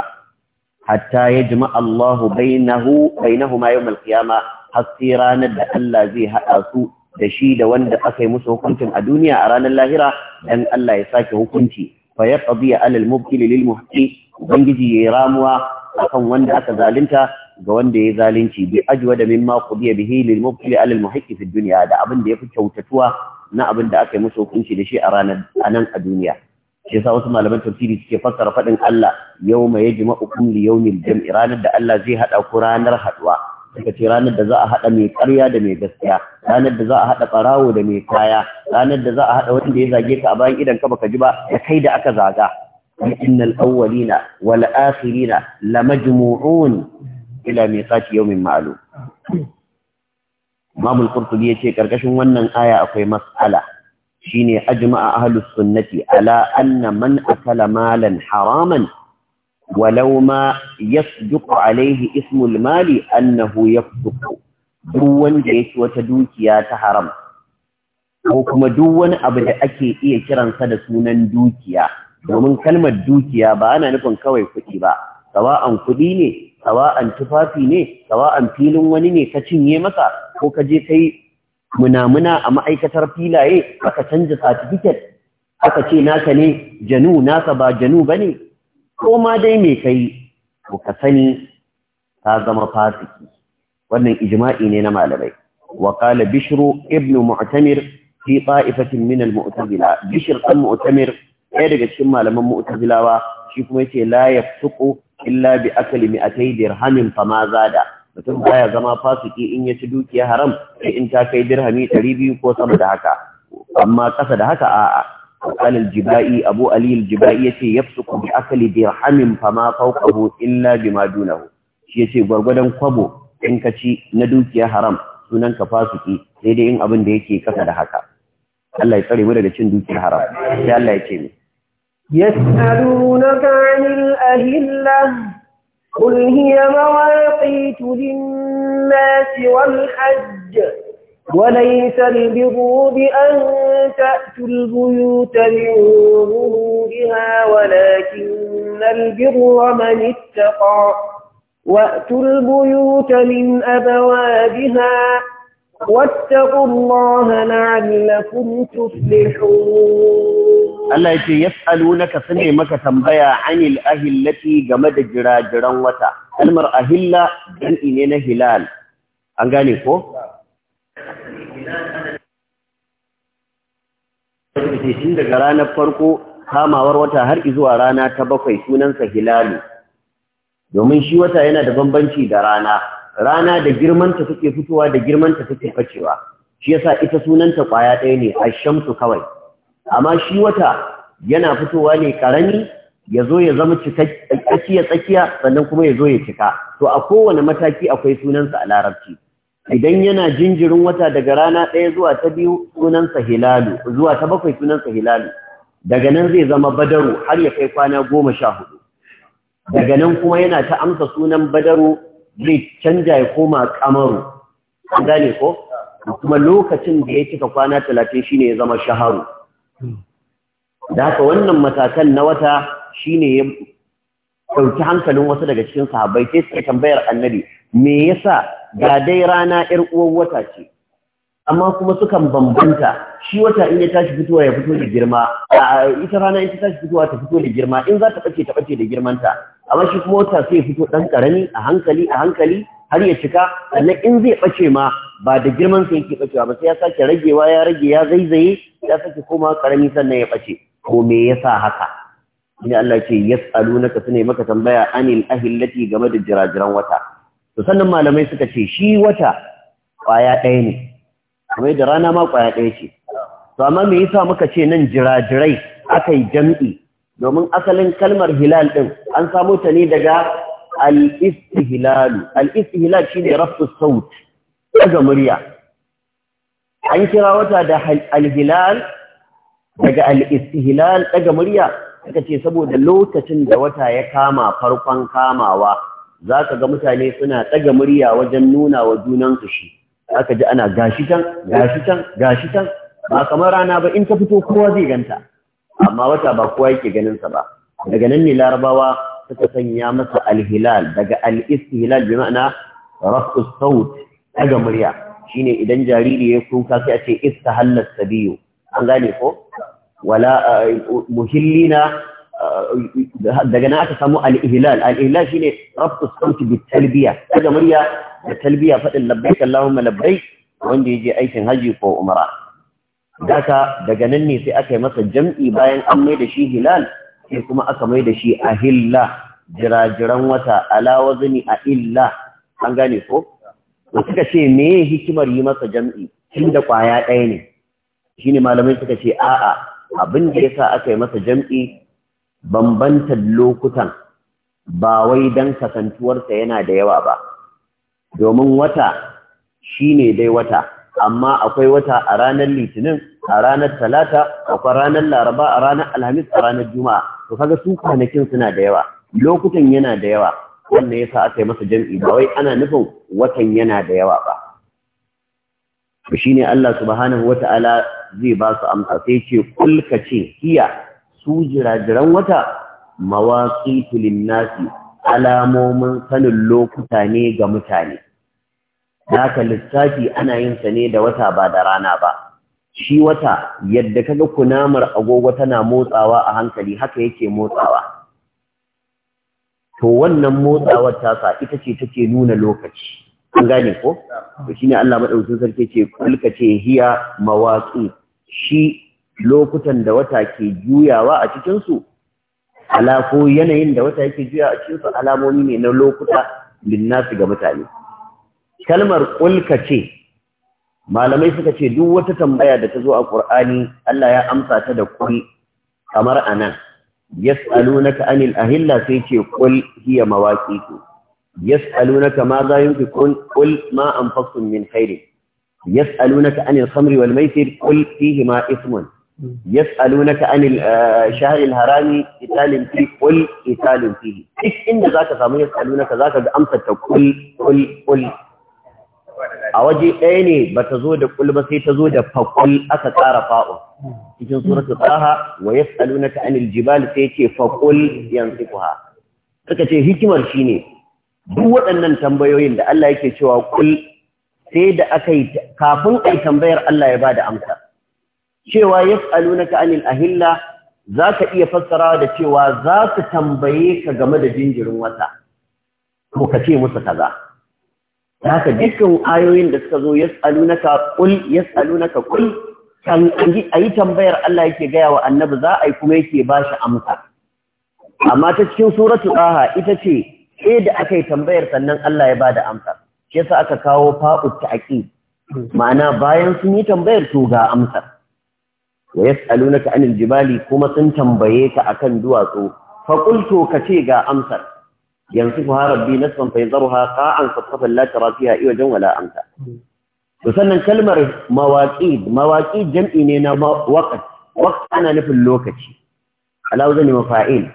hatta yajma Allahu bainahu bainahuma yawm al-qiyamah har sai ranar da Allah zai haɗa su da shi da wanda aka yi musu hukuncin a duniya a ranar lahira dan Allah ya sake hukunci fa ya qadiya alal mubkili lil muhqi ubangiji ya ramuwa akan wanda aka zalunta ga wanda ya zalunci bi ajwa da mimma qudiya bihi lil mubkili alal muhqi fi da abin da fi kyautatuwa na abin da aka yi musu hukunci da shi a ranar anan a duniya shi yasa wasu malaman tafsiri suke fassara fadin Allah yawma yajma'ukum li yawmil jam'i ranar da Allah zai hada ku ranar haduwa suka ce ranar da za a haɗa mai ƙarya da mai gaskiya ranar da za a haɗa ɓarawo da mai kaya ranar da za a haɗa wanda ya zage ka a bayan idan ka baka ji ba da kai da aka zaga innal awwalina wal akhirina lamajmu'un ila miqati yawmin ma'lum Imam al-Qurtubi yace karkashin wannan aya akwai mas'ala shine ajma'a ahlus sunnati ala anna man akala malan haraman Walauma ma yasduqu alaihi ismul mali annahu yafduqu duk wanda yake wata dukiya ta haram ko kuma duk wani abu da ake iya kiransa da sunan dukiya domin kalmar dukiya ba ana nufin kawai kuɗi ba sawa'an kuɗi ne sawa'an tufafi ne sawa'an filin wani ne ka cinye masa ko ka je kai munamuna a ma'aikatar filaye aka canja satifiket aka ce naka ne janu naka ba janu bane ko ma dai me kai to ka sani ka zama fasiki wannan ijma'i ne na malamai wa qala bishru ibn mu'tamir fi ta'ifatin min al-mu'tazila bishr ɗan mu'tamir ɗaya daga cikin malaman mu'tazilawa shi kuma yace la yafsuqu illa bi akli mi'atay dirhamin fama zada mutum baya zama fasiki in ya ci dukiya haram sai in ta kai dirhami 200 ko sama da haka amma kasa da haka a'a وقال الجبائي أبو علي الجبائي يتي يفسق بأكل درحم فما فوقه إلا بما دونه يتي غرغدن كبو إن كتي ندوك يا حرام سنن كفاسكي سيدي إن أبن ديكي كسد حكا الله يطري ولد تندوك يا حرام سي الله يتيمي يسألونك عن الأهلة قل هي مواقيت للناس والحج وليس البر بأن تأتوا البيوت من ظهورها ولكن البر من اتقى وأتوا البيوت من أبوابها واتقوا الله لعلكم تفلحون الله يجي يسألونك سنه مكة تنبيا عن الأهلة جمد جراجرا وتا المرأة هلة جنئنين هلال أنقاني فوق tun daga ranar farko kamawar wata har zuwa rana ta bakwai sunansa hilali, domin shi wata yana da bambanci da rana rana da girmanta suke fitowa da girmanta suke facewa shi yasa ita sunanta kwaya ɗaya ne ashamsu kawai amma shi wata yana fitowa ne ƙarami, ya zo ya zama tsakiya tsakiya sannan kuma ya zo ya cika to a kowane mataki akwai sunansa a larabci idan yana jinjirin wata daga rana ɗaya zuwa ta biyu sunansa hilalu zuwa ta bakwai sunansa hilalu daga nan zai zama badaru har ya kai kwana goma sha hudu daga nan kuma yana ta amsa sunan badaru zai canja ya koma kamaru an gane ko kuma lokacin da ya cika kwana talatin shine ya zama shaharu da haka wannan matakan na wata shine ya ɗauki hankalin wasu daga cikin sahabbai sai suka tambayar annabi me yasa ga dai rana ƴar uwan wata ce amma kuma sukan bambanta shi wata in ya tashi fitowa ya fito da girma ita rana in ta tashi fitowa ta fito da girma in za ta ɓace ta ɓace da girmanta amma shi kuma wata sai ya fito ɗan ƙarami a hankali a hankali har ya cika sannan in zai ɓace ma ba da girman sa yake ɓacewa ba sai ya sake ragewa ya rage ya zaizaye ya sake koma ƙarami sannan ya ɓace. ko me yasa haka ina Allah ce yas'alunaka sune maka tambaya anil ahillati game da jirajiran wata to sannan malamai suka ce shi wata kwaya ɗaya ne kamar da rana ma kwaya ɗaya ce to amma me yasa muka ce nan jirajirai aka yi jam'i domin asalin kalmar hilal din an samu ta ne daga al-istihlal al-istihlal shine rafu saut daga murya an kira wata da al daga al-istihlal daga murya suka ce saboda lokacin da wata ya kama farkon kamawa za ka ga mutane suna ɗaga murya wajen nuna wa junansu shi aka ji ana gashi can gashi can gashi can ba kamar rana ba in ta fito kowa zai ganta amma wata ba kowa yake ganin sa ba daga nan ne larabawa suka sanya masa alhilal daga al-istihlal bi ma'ana rafu saut daga murya shine idan jariri ya kuka sai a ce istahalla sabiyu an gane ko wala eh, muhillina daga nan aka samu al-ihlal al-ihlal shine rabtu sauti bi talbiya daga murya da talbiya faɗin labbaik allahumma labbaik wanda je aikin hajji ko umara aka, daga nan ne sai aka yi masa jam'i bayan an mai da shi hilal sai kuma aka mai da shi hilla jirajiran wata ala wazni a illa an gane ko suka ce me hikimar yi masa jam'i da kwaya ɗaya ne shine malamai suka ce a'a abin da yasa aka yi masa jam'i bambantar lokutan ba wai don kasantuwarsa yana da yawa ba domin wata shine dai wata amma akwai wata a ranar litinin a ranar talata akwai ranar laraba a ranar alhamis a ranar juma'a to kaga su kwanakin suna da yawa lokutan yana da yawa wannan yasa aka yi masa jam'i ba wai ana nufin watan yana da yawa ba to shine Allah subhanahu wata'ala zai ba su amsa sai ce kulka ce hiya su jiran wata mawaqitu linnasi alamomin sanin lokuta ne ga mutane haka lissafi ana yin sa ne da wata ba da rana ba shi wata yadda kaga kunamar agogo tana motsawa a hankali haka yake motsawa to wannan motsawar tasa ita ce take nuna lokaci an gane ko to shine Allah madaukakin sarki ce kulka ce hiya mawaqi shi lokutan da wata ke juyawa a cikinsu ala ko yanayin da wata yake juyawa a cikinsu alamomi ne na lokuta linnasi ga mutane kalmar ƙulka ce malamai suka ce duk wata tambaya da ta zo a ƙur'ani Allah ya amsa ta da kul kamar nan yas'alunaka anil ahilla sai ce kul hiya mawaqitu yas'alunaka ma za yunfikun kul ma anfaqtum min khairin يسألونك عن الخمر والميسر قل فيهما إثم yas'alunaka anil shahril harami qitalin fi qul qitalin fihi duk inda zaka samu yas'alunaka zaka ga amsa ta qul qul qul a waje ɗaya ne ba ta zo da qul ba sai ta zo da faqul aka tsara fa'u cikin suratul taha wa yas'alunaka anil jibal sai ce ku ha. suka ce hikimar shine duk waɗannan tambayoyin da Allah yake cewa kul sai da aka yi kafin ai tambayar Allah ya ba da amsa cewa ya yas'alunaka a ahilla za ka iya fassara da cewa za su tambaye ka game da jinjirin wata ko ka ce musu kaza haka dukkan ayoyin da suka zo ya yas'alunaka na ka qul kan yi tambayar Allah yake gaya wa annabi za a yi kuma yake ba shi amsa amma ta cikin suratu aha ita ce sai da aka yi tambayar sannan Allah ya ba da amsa shi yasa aka kawo fa'ut ta'qib ma'ana bayan sun yi tambayar to ga amsar wa yas'alunaka anil jibali kuma sun tambaye ka akan duwatsu fa qultu ce ga amsar yansifuha rabbi nasfan fa yadharuha qa'an saffafan la tara fiha iwajan wala amta to sannan kalmar mawaqid mawaqid jam'i ne na waqt waqt ana nufin lokaci ala wazni mafa'il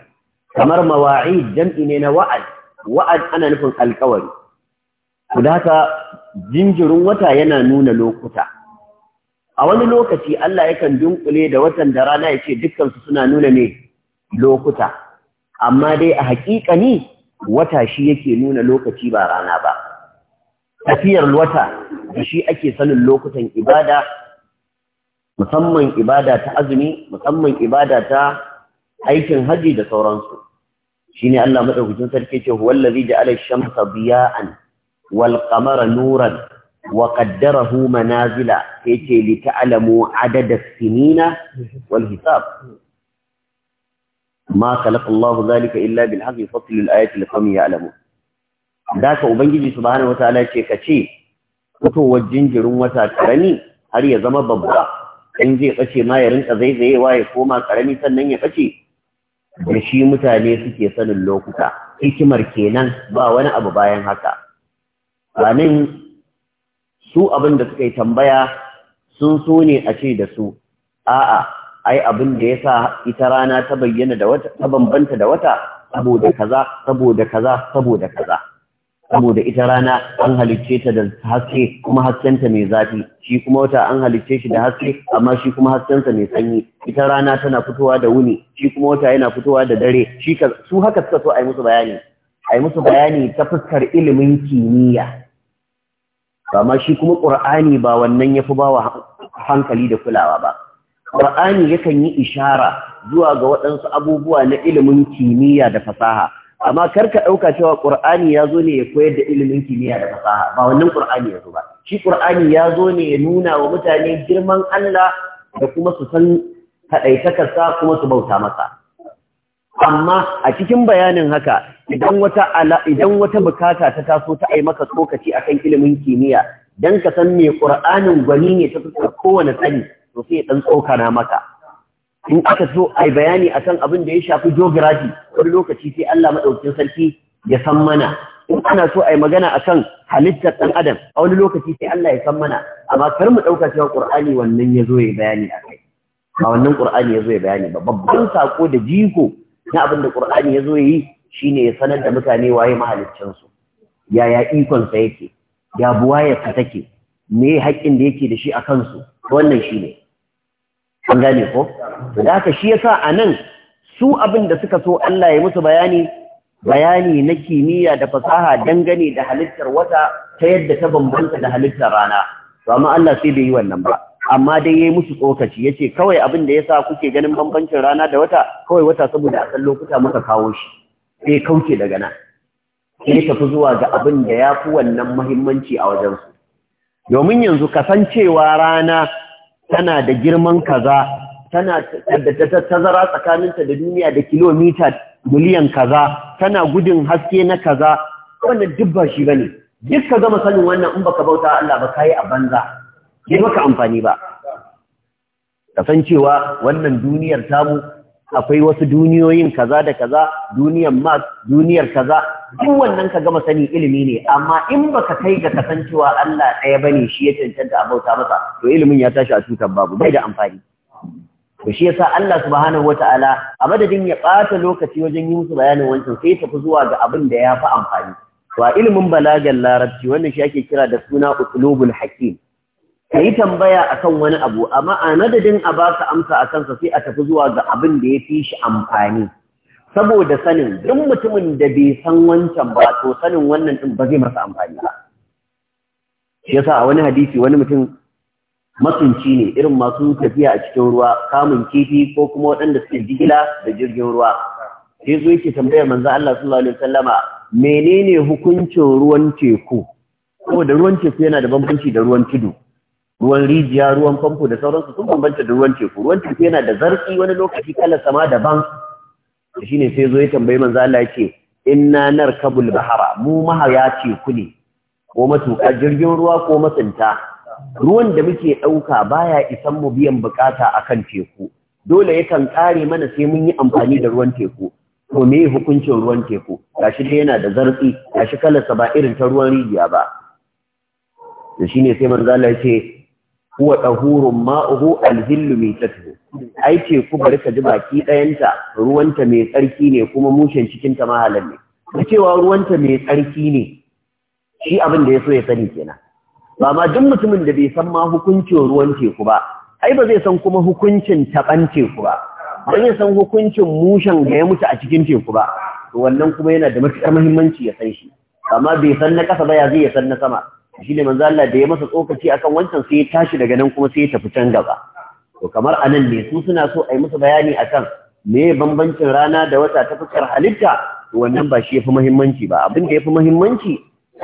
kamar mawa'id jam'i ne na wa'ad wa'ad ana nufin alƙawari to da haka jinjirin wata yana nuna lokuta a wani lokaci Allah yakan dunkule da watan da rana ya ce dukkansu suna nuna ne lokuta amma dai a haƙiƙani wata shi yake nuna lokaci ba rana ba tafiyar wata da shi ake sanin lokutan ibada musamman ibada ta azumi musamman ibada ta aikin haji da sauransu shi ne Allah madaukakin sarki ce huwallazi da ash-shamsa diya'an wal nuran wa qaddarahu manazila yace alamu ta'lamu adada sinina wal hisab ma khalaqa Allahu zalika illa bil haqqi fasil al ayati li qawmin ya'lamun daka ubangiji subhanahu ce ka ce fitowar jinjirin wata karami har ya zama babba in zai kace ma ya zaizayewa ya koma karami sannan ya kace da shi mutane suke sanin lokuta hikimar kenan ba wani abu bayan haka anan su abin da suka yi tambaya sun so ne a ce da su a'a ai abin da ya sa ita rana ta bayyana da wata ta bambanta da wata saboda kaza saboda kaza saboda kaza saboda ita rana an halicce ta da haske kuma haskenta mai zafi shi kuma wata an halicce shi da haske amma shi kuma haskensa mai sanyi ita rana tana fitowa da wuni shi kuma wata yana fitowa da dare shi su haka suka so a yi musu bayani a yi musu bayani ta fuskar ilimin kimiyya ma shi kuma ƙur'ani ba wannan ya fi bawa hankali da kulawa ba ƙur'ani yakan yi ishara zuwa ga waɗansu abubuwa na ilimin kimiyya da fasaha amma kar ka ɗauka cewa ƙur'ani ya zo ne ya koyar da ilimin kimiyya da fasaha ba wannan ƙur'ani ya zo ba shi ƙur'ani ya zo ne ya nuna wa mutane girman Allah da kuma su san kaɗaitakarsa kuma su bauta masa amma a cikin bayanin haka idan wata idan wata bukata ta taso ta ai maka tsokaci akan ilimin kimiyya dan ka san me qur'anin gwani ne ta fuskar kowane sani to sai dan tsokana maka in aka so ai bayani akan abin da ya shafi geography wani lokaci sai Allah madaukakin sarki ya san mana in ana so ai magana akan halittar dan adam a wani lokaci sai Allah ya san mana amma kar mu dauka cewa qur'ani wannan yazo ya bayani akai ba wannan qur'ani yazo ya bayani ba babban sako da jiko na abin da qur'ani yazo yi shine ya sanar da mutane waye mahaliccinsu yaya ikonsa yake ya buwayarsa take me haƙƙin da yake da shi a kansu wannan shi ne an gane ko da haka shi yasa a nan su abin da suka so Allah ya musu bayani bayani na kimiyya da fasaha dangane da halittar wata ta yadda ta bambanta da halittar rana to amma Allah sai bai yi wannan ba amma dai yayi musu tsokaci yace kawai abin da yasa kuke ganin bambancin rana da wata kawai wata saboda a san lokuta muka kawo shi sai kauce daga nan sai tafi zuwa ga abin da ya fi wannan mahimmanci a wajensu domin yanzu kasancewa rana tana da girman kaza tana tazara tsakaninta da duniya da kilomita miliyan kaza tana gudun haske na kaza wannan duk ba shi bane duk ka gama sanin wannan in baka bauta Allah ba kai a banza bai maka amfani ba kasancewa wannan duniyar tamu akwai wasu duniyoyin kaza da kaza duniyar ma duniyar kaza duk wannan ka gama sani ilimi ne amma in baka kai ga kasancewa Allah ɗaya bane shi ya cancanta a bauta masa to ilimin ya tashi a tutar babu bai da amfani to shi yasa Allah subhanahu wataala a madadin ya ɓata lokaci wajen yi musu bayanin wancan sai tafi zuwa ga abin da ya fi amfani to a ilimin balagan larabci wannan shi ake kira da suna uslubul hakim ka yi tambaya a kan wani abu amma a nadadin a ba ka amsa a kansa sai a tafi zuwa ga abin da ya fi shi amfani saboda sanin duk mutumin da bai san wancan ba to sanin wannan ɗin ba zai masa amfani ba shi yasa a wani hadisi wani mutum masunci ne irin masu tafiya a cikin ruwa kamun kifi ko kuma waɗanda suke jigila da jirgin ruwa sai zo yake tambayar manzo Allah sallallahu alaihi wasallama menene hukuncin ruwan teku saboda ruwan teku yana da bambanci da ruwan tudu ruwan rijiya ruwan famfo da sauransu sun bambanta da ruwan teku ruwan teku yana da zarfi wani lokaci kala sama daban da shine sai zo ya tambayi manzo Allah ya inna narkabul bahara mu mahaya teku ne ko matuƙa jirgin ruwa ko masunta ruwan da muke ɗauka baya isan mu biyan bukata akan teku dole yakan kare mana sai mun yi amfani da ruwan teku to me hukuncin ruwan teku gashi dai yana da zarfi gashi kalarsa ba irin ta ruwan rijiya ba da shine sai manzo Allah ya ce huwa tahurun ma'uhu alhillu mitatuhu ai ce ku bari ka ji baki ɗayanta ruwanta mai tsarki ne kuma mushen cikin ta ne da cewa ruwanta mai tsarki ne shi abin da ya so ya sani kenan ba ma duk mutumin da bai san ma hukuncin ruwan teku ba ai ba zai san kuma hukuncin taɓan teku ba ba zai san hukuncin mushen da ya mutu a cikin teku ba wannan kuma yana da matuƙar muhimmanci ya san shi amma bai san na ƙasa ba ya zai ya san na sama shi ne manzo Allah da ya masa tsokaci akan wancan sai ya tashi daga nan kuma sai ya tafi can gaba to kamar anan ne su suna so a yi musu bayani akan me bambancin rana da wata ta fuskar halitta wannan ba shi yafi muhimmanci ba abin da yafi muhimmanci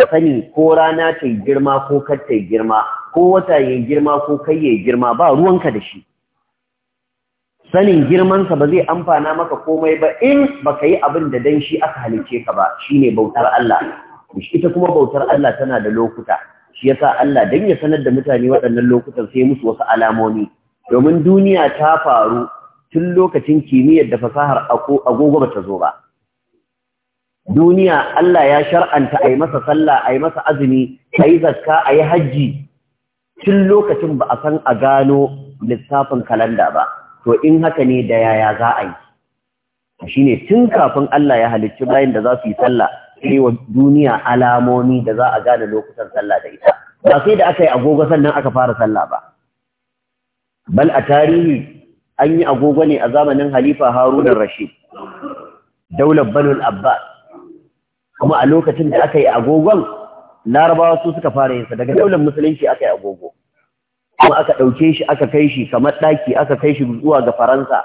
ka sani ko rana ta yi girma ko kar ta yi girma ko wata ya yi girma ko kai ya yi girma ba ruwanka da shi sanin girmansa ba zai amfana maka komai ba in baka yi abin da dan shi aka halicce ka ba shine bautar Allah ita kuma bautar Allah tana da lokuta shi yasa Allah dan ya sanar da mutane waɗannan lokutan sai musu wasu alamomi domin duniya ta faru tun lokacin kimiyyar da fasahar agogo ba ta zo ba duniya Allah ya shar'anta a yi masa sallah a masa azumi a yi zakka a yi hajji tun lokacin ba a san a gano lissafin kalanda ba to in haka ne da yaya za a yi shi tun kafin Allah ya halicci bayan da za su yi sallah yi wa duniya alamomi da za a gane lokutan sallah da ita ba sai da aka yi agogo sannan aka fara sallah ba bal a tarihi an yi agogo ne a zamanin halifa harunan rashid daular banul abbas kuma a lokacin da aka yi agogon larabawa su suka fara yinsa daga daular musulunci aka yi agogo kuma aka ɗauke shi aka kai shi kamar ɗaki aka kai shi zuwa ga faransa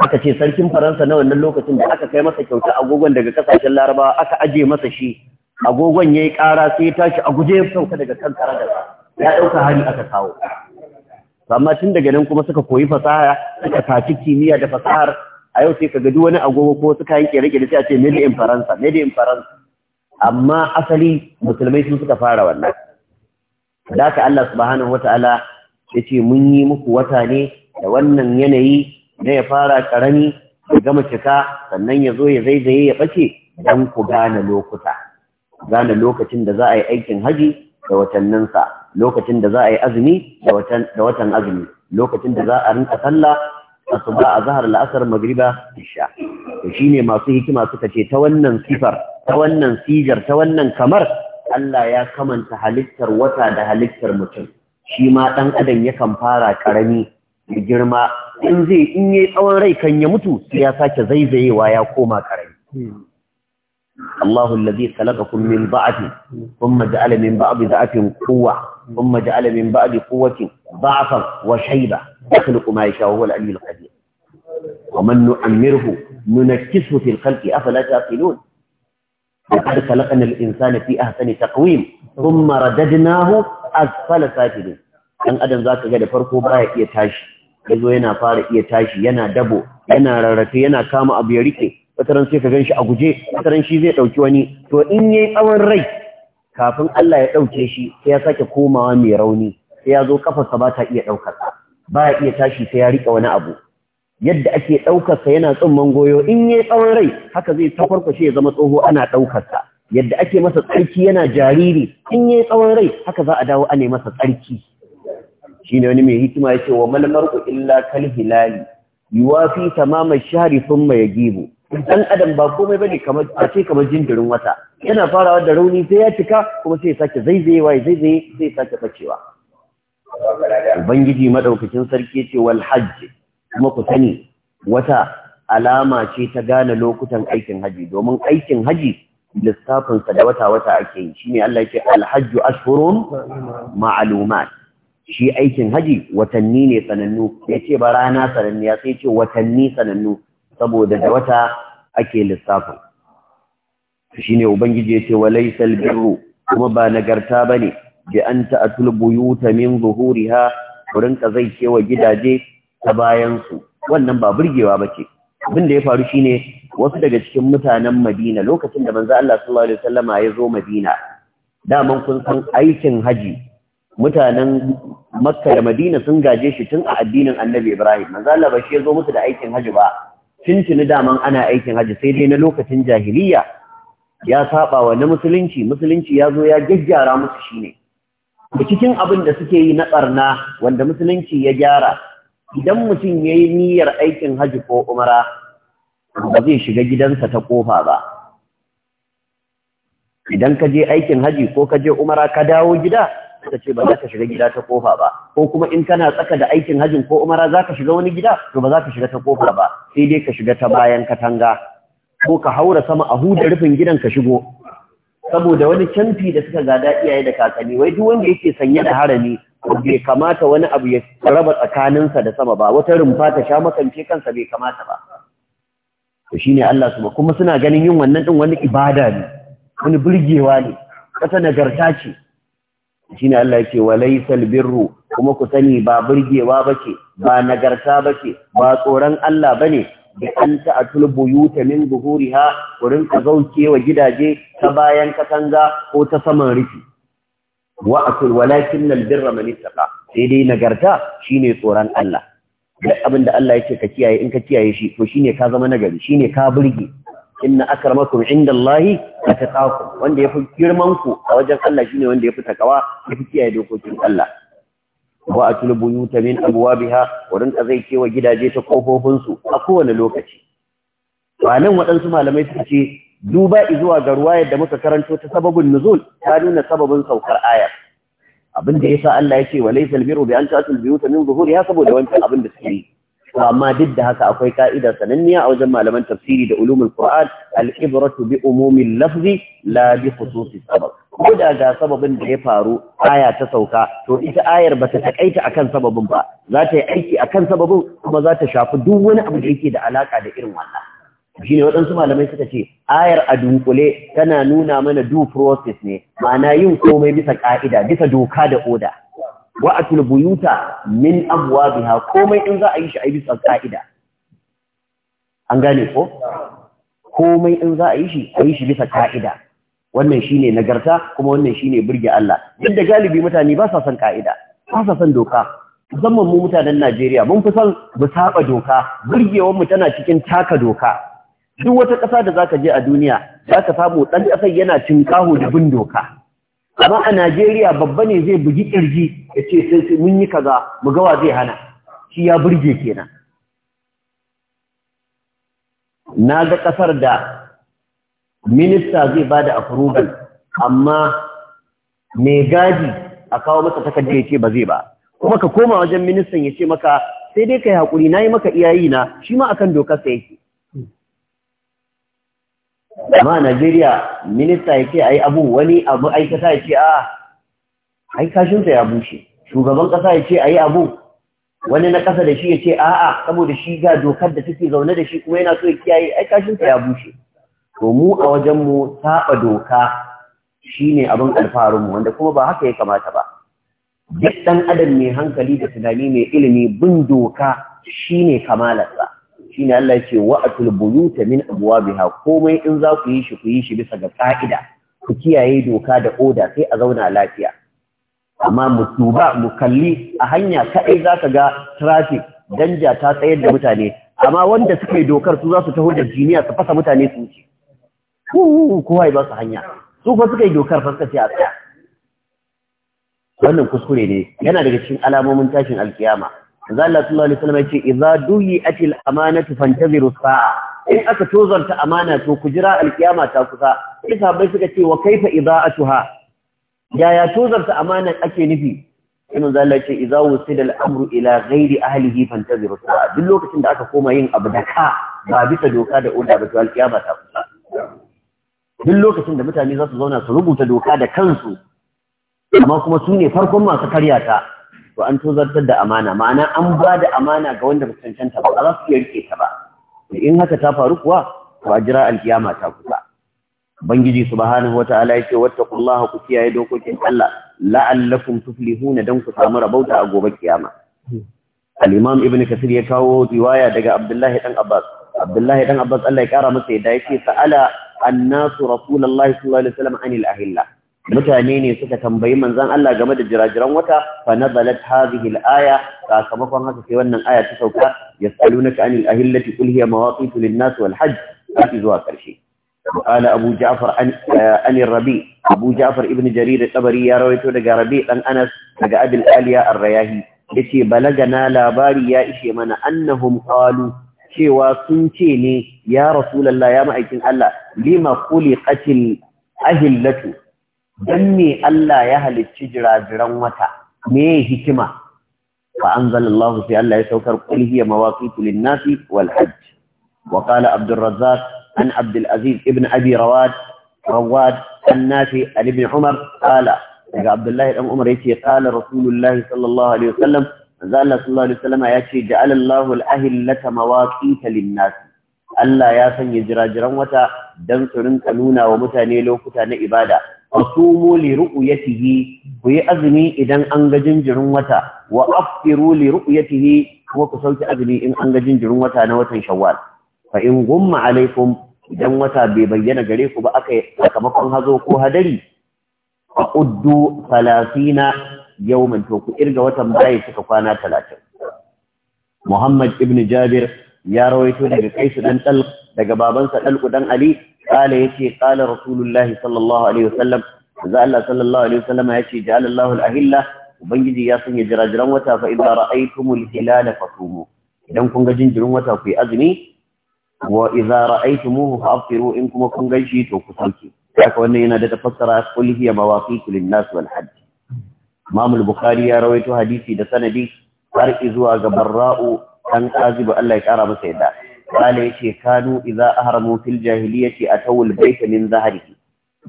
aka ce sarkin faransa na wannan lokacin da aka kai masa kyauta agogon daga kasashen larabawa aka aje masa shi agogon ya yi ƙara sai ya tashi a guje ya sauka daga kan da ya ɗauka hari aka kawo amma tun daga nan kuma suka koyi fasaha suka tafi kimiyya da fasahar a yau sai ka duk wani agogo ko suka yi kere-kere sai a ce made in faransa made in faransa amma asali musulmai sun suka fara wannan da ka Allah subhanahu wataala ya ce mun yi muku wata ne da wannan yanayi ne ya fara karami ya gama cika sannan ya zo ya zaizaye ya bace dan ku gane lokuta gane lokacin da za a yi aikin haji da watanninsa lokacin da za a yi azumi da watan azumi lokacin da za a rinka sallah suba a zahar la'asar magriba isha to shine masu hikima suka ce ta wannan sifar ta wannan sijar ta wannan kamar Allah ya kamanta halittar wata da halittar mutum shi ma ɗan adam yakan fara ƙarami ya girma in zai in yi tsawon rai kan ya mutu sai ya sake zaizayewa ya koma karami Allahu alladhi khalaqakum min ba'din thumma ja'ala min ba'di da'atin quwwa thumma ja'ala min ba'di quwwatin ضعفا وشيبة يخلق ما يشاء هو العلي القدير ومن نعمره ننكسه في الخلق أفلا تعقلون لقد خلقنا الإنسان في أحسن تقويم ثم رددناه أسفل سافلين dan adam zaka ga da farko baya iya tashi yazo yana fara iya tashi yana dabo yana rarrafe yana kama abu ya rike wataran sai ka ganshi a guje wataran shi zai ɗauki wani to in yayi tsawon rai kafin Allah ya ɗauke shi sai ya sake komawa mai rauni sai ya zo kafarsa ba ta iya daukar ba ya iya tashi sai ya rike wani abu yadda ake daukar sa yana tsumman goyo in yayi tsawon rai haka zai ta shi ya zama tsoho ana daukar sa yadda ake masa tsarki yana jariri in yayi tsawon rai haka za a dawo ne masa tsarki Shin wani mai hikima ce wa mal mar'u illa kal hilali yuwafi tamama shahri ya yagibu dan adam ba komai bane kamar a ce kamar jindirin wata yana farawa da rauni sai ya cika kuma sai ya sake zaizayewa ya zaizaye sai ya sake bacewa ubangiji madaukakin sarki ce wal hajj kuma ku sani wata alama ce ta gane lokutan aikin haji domin aikin haji lissafinsa da wata-wata ake yi shine Allah ce alhajju ashhurun ma'alumat shi aikin haji watanni ne sanannu ya ce ba rana sanannu ya sai ce watanni sanannu saboda da wata ake lissafin shi ne ubangiji ya ce wa laisal birru kuma ba nagarta ba ne bi an ta'atul buyuta min zuhuriha wurin ka zai kewa gidaje ta bayansu. wannan ba burgewa bace abin da ya faru shine wasu daga cikin mutanen Madina lokacin da manzo Allah sallallahu alaihi wasallama ya zo Madina daman kun san aikin haji mutanen makka da madina sun gaje shi tun a addinin annabi ibrahim manzo ba shi ya zo musu da aikin haji ba tuntuni daman ana aikin haji sai dai na lokacin jahiliya ya saba wa na musulunci musulunci ya zo ya gyaggyara musu shine da cikin abin da suke yi na barna wanda musulunci ya gyara idan mutum ya yi niyyar aikin haji ko umara ba zai shiga gidansa ta kofa ba idan ka je aikin haji ko ka je umara ka dawo gida suka ce ba za ka shiga gida ta kofa ba ko kuma in kana tsaka da aikin hajin ko umara za ka shiga wani gida to ba za ka shiga ta kofa ba sai dai ka shiga ta bayan katanga ko ka haura sama a huda rufin gidan ka shigo saboda wani canfi da suka gada iyaye da kakanni wai duk wanda yake sanye da harami bai kamata wani abu ya raba tsakaninsa da sama ba wata rumfa ta sha makance kansa bai kamata ba to shine Allah su kuma suna ganin yin wannan din wani ibada ne wani burgewa ne wata nagarta ce shine Allah yake walaisal birru kuma ku sani ba burgewa bace ba nagarta bace ba tsoron Allah bane bi an ta'atul buyuta min zuhuriha ku ka zauke wa gidaje ta bayan katanga ko ta saman rufi wa akul walakin al birra man ittaqa sai dai nagarta shine tsoron Allah duk abin da Allah yake ka kiyaye in ka kiyaye shi to shine ka zama nagari shine ka burge inna akramakum indallahi atqakum wanda yafi girman ku a wajen Allah shine wanda yafi takawa yafi kiyaye dokokin Allah wa atul buyuta min abwabiha wurin da zai kewa gidaje ta kofofin su a kowane lokaci nan waɗansu malamai suka ce duba zuwa ga ruwayar da muka karanto ta sababin nuzul ta nuna sababin saukar ayar abin da yasa Allah ya ce wa laysa albiru bi an ta'tul buyuta min zuhuriha saboda wancan abin da suke yi to amma duk da haka akwai ka'ida sananniya a wajen malaman tafsiri da ulumul qur'an al-ibratu bi umumil lafzi la bi khususi sabab ga sababin da ya faru aya ta sauka to ita ayar bata takaita akan sababin ba za ta yi aiki akan sababin kuma za ta shafi duk wani abu da yake da alaka da irin wannan shi ne waɗansu malamai suka ce ayar a dunkule tana nuna mana due process ne ma'ana yin komai bisa ƙa'ida bisa doka da oda wa a buyuta min biya komai in za a yi shi a yi bisa ka'ida an gane ko komai in za a yi shi a yi shi bisa ka'ida wannan shi ne nagarta kuma wannan shi ne birge Allah duk da galibi mutane ba sa son ka'ida ba sa son doka musamman mu mutanen Najeriya mun fi son mu saba doka burgewar mu tana cikin taka doka duk wata ƙasa da za ka je a duniya za ka samu ɗan ƙasar yana cinkaho da bin doka amma a Najeriya babba ne zai bugi ƙirji. ya ce sai sai mun yi kaza mu gawa zai hana shi ya burge kenan na ga ƙasar da minista zai ba da approval amma mai gadi a kawo masa takardar ya ce ba zai ba kuma ka koma wajen ministan ya ce maka sai dai ka yi haƙuri na yi maka iyayi na shi ma akan dokar sa yake amma Najeriya minista ya ce a yi abu wani abu aikata ya ce a aikashinsa ya bushe shugaban ƙasa ya ce a yi abu wani na ƙasa da shi ya ce a'a saboda shi ga dokar da take zaune da shi kuma yana so ya kiyaye aikashinsa ya bushe to mu a wajenmu saba doka shine abin alfaharinmu wanda kuma ba haka ya kamata ba duk ɗan adam mai hankali da tunani mai ilimi bin doka shine kamalarsa shine Allah ya ce wa'atul buyuta min abwabiha komai in za ku yi shi ku yi shi bisa ga ƙa'ida ku kiyaye doka da oda sai a zauna lafiya amma mu duba mu kalli a hanya za ka ga traffic danja ta tsayar da mutane amma wanda suka yi dokar su za su taho da jiniya su fasa mutane su wuce ko ba su hanya su fa suka yi dokar fa suka ce a tsaya wannan kuskure ne yana daga cikin alamomin tashin alkiyama manzo Allah sallallahu alaihi wasallam yace idza duyi'atil amanatu fantaziru sa'a in aka tozarta amana to ku jira alkiyama ta kusa sai sahabbai suka ce wa kaifa idza'atuha yaya tozarta amana ake nufi sai manzo Allah yace idza wusida al-amru ila ghairi ahlihi fantaziru sa'a duk lokacin da aka koma yin abu da ka ba bisa doka da oda ba to alkiyama ta kusa duk lokacin da mutane za su zauna su rubuta doka da kansu amma kuma su ne farkon masu karyata. ta to an tozartar da amana ma'ana an ba da amana ga wanda ba cancanta ba za su iya rike ta ba in haka ta faru kuwa to a jira alkiyama ta kusa bangiji subhanahu wata'ala yake wattaqullaha ku kiyaye dokokin Allah la'allakum tuflihuna dan ku samu rabauta a gobe kiyama al-imam ibnu kasir ya kawo riwaya daga abdullahi dan abbas abdullahi dan abbas Allah ya kara masa yadda yake sa'ala annasu rasulullahi sallallahu alaihi wasallam anil ahilla mutane ne suka tambayi manzan Allah game da jirajiran wata fa na zalat hadhihi aya sakamakon haka sai wannan aya ta sauka yasalunaka anil ahillati qul hiya mawaqitu lin-nas wal-hajj sai zuwa karshe qala abu ja'far an eh, anil rabi ibn jarir al-tabari ya rawaito daga rabi dan anas daga abil Arrayahi. ar-rayahi yace balagana labari ya ishe mana annahum qalu cewa sun ce ne ya rasulullahi ya ma'aikin Allah lima khuliqatil ahillatu dan me Allah ya halicci jirajiran wata me hikima fa anzalallahu sai Allah ya saukar qul hiya mawaqitu lin-nasi wal hajj wa qala Abdul Razzaq an Abdul Aziz ibn Abi Rawad Rawad an-Nafi ibn Umar qala daga Abdullah dan Umar yace qala Rasulullahi sallallahu alaihi wasallam Allah sallallahu alaihi wasallam yace ja'alallahu al-ahillata mawaqita lin-nas Allah ya sanya jirajiran wata dan su rinka nuna wa mutane lokuta na ibada fasumu li ru'yatihi ku yi azumi idan an ga jinjirin wata wa aftiru li ru'yatihi kuma ku sauke azumi in an ga jinjirin wata na watan shawwal fa in gumma alaikum idan wata bai bayyana gare ku ba aka sakamakon hazo ko hadari fa uddu salasina yawman to ku irga watan baya suka kwana talatin Muhammad ibn Jabir ya rawaito daga Kaisu dan Talq daga babansa ɗalku ɗan Ali ƙala ya ce ƙala Rasulullahi sallallahu alaihi wasallam za Allah sallallahu alaihi wasallam ya ce ja'ala Allahu al-ahilla ubangiji ya sanya jirajiran wata fa idza hilala fasumu idan kun ga jinjirin wata ku yi azumi wa idza ra'aytumuhu in kuma kun ganshi to ku sauke haka wannan yana da tafassara qul hiya mawaqitu lin-nas wal hajj Imam bukhari ya rawaito hadisi da sanadi har zuwa ga Barra'u an Azib Allah ya ƙara masa yadda قال يشي كانوا إذا أهرموا في الجاهلية أتوا البيت من zahari.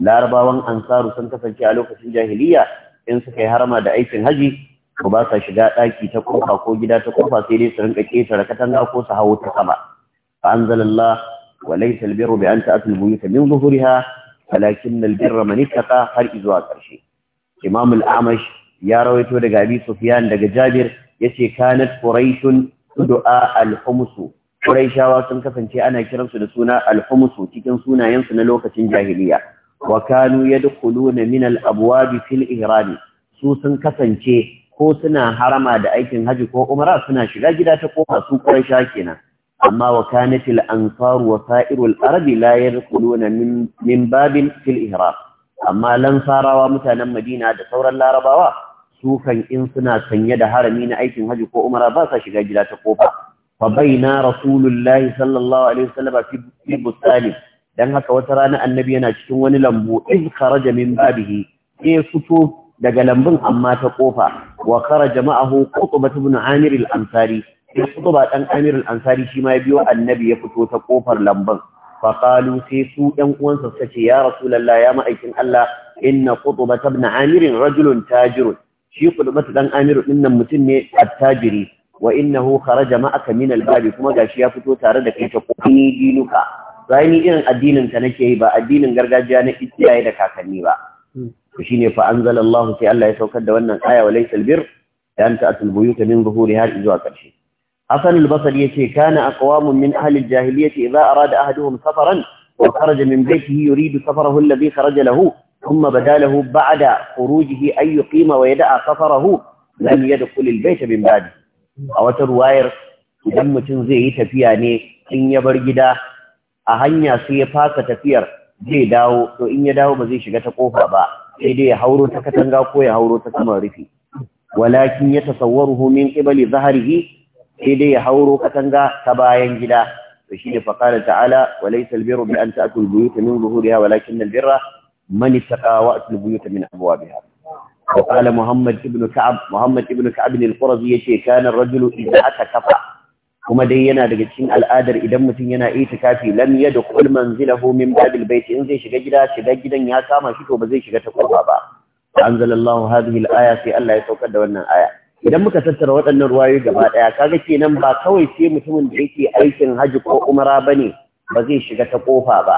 larabawan ansaru sun kasance a lokacin jahiliya in suka yi harama da aikin haji Ku ba sa shiga ɗaki ta kofa ko gida ta kofa sai dai su rinka ƙetare rakatanga ko su hau ta sama fa anzalallah wa laysa albirru bi an ta'ti albuyuta min zuhuriha walakin albirra man ittaqa har izuwa ƙarshe imam al-amash ya rawaito daga abi sufyan daga jabir yace kanat quraishun tud'a al-humsu Qurayshawa sun kasance ana kiransu da suna al cikin sunayensu na lokacin jahiliya wa kanu yadkhuluna min al-abwab fil ihram su sun kasance ko suna harama da aikin haji ko umara, suna shiga gida ta kofa su Quraysha kenan amma wa kanat al-ansar wa sa'irul arabi la yadkhuluna min min babin fil ihram amma lansarawa mutanen Madina da sauran Larabawa su kan in suna sanye da harami na aikin haji ko umara, ba sa shiga gida ta kofa فبينا rasulullahi الله صلى الله عليه وسلم dan haka wata rana annabi yana cikin wani lambu in kharaja min babihi sai fito daga lambun amma ta kofa wa kharaja ma'ahu qutbah ibn amir al-ansari sai qutbah dan amir al-ansari shi ma ya biyo annabi ya fito ta kofar lambun fa qalu sai su ɗan uwansa suka ce ya rasulullah ya ma'aikin Allah inna qutbah ibn amir rajulun tajirun shi qutbah dan amir din mutum ne attajiri wa innahu kharaja ma'aka min al-babi kuma gashi ya fito tare da kai ta kofi dinuka zai ni irin addinin ka nake yi ba addinin gargajiya na iyaye da kakanni ba to shine fa anzalallahu sai Allah ya saukar da wannan aya wa laysa al-bir an ta'atul buyut min zuhuriha zuwa karshe Hassan al-Basri yace kana aqwamun min ahli al-jahiliyyati idza arada ahaduhum safaran wa kharaja min baytihi yuridu safarahu alladhi kharaja lahu ثم بدا له بعد خروجه أن يقيم ويدع سفره لم يدخل البيت من بعده a wata ruwayar idan mutum zai yi tafiya ne in ya bar gida a hanya sai ya fasa tafiyar zai dawo to in ya dawo ba zai shiga ta kofa ba sai dai ya hauro ta katanga ko ya hauro ta saman rufi walakin ya tasawwaruhu min qibali zahrihi sai dai ya hauro katanga ta bayan gida to shine fa qala ta'ala wa laysa al bi an ta'kul al min zuhuriha walakin albirra man ittaqa wa atul min abwabiha وقال محمد ابن كعب محمد ابن ya ce, يشي كان الرجل aka kafa." Kuma dai yana daga cikin al'adar idan mutum yana itikafi lam yadkhul manzilahu min bab albayt in zai shiga gida shiga gidan ya kama shi to ba zai shiga ta takurba ba anzalallahu hadhihi sai Allah ya saukar da wannan aya idan muka tattara waɗannan ruwayoyi gaba ɗaya, kaga kenan ba kawai sai mutumin da yake aikin hajji ko umara bane ba zai shiga ta kofa ba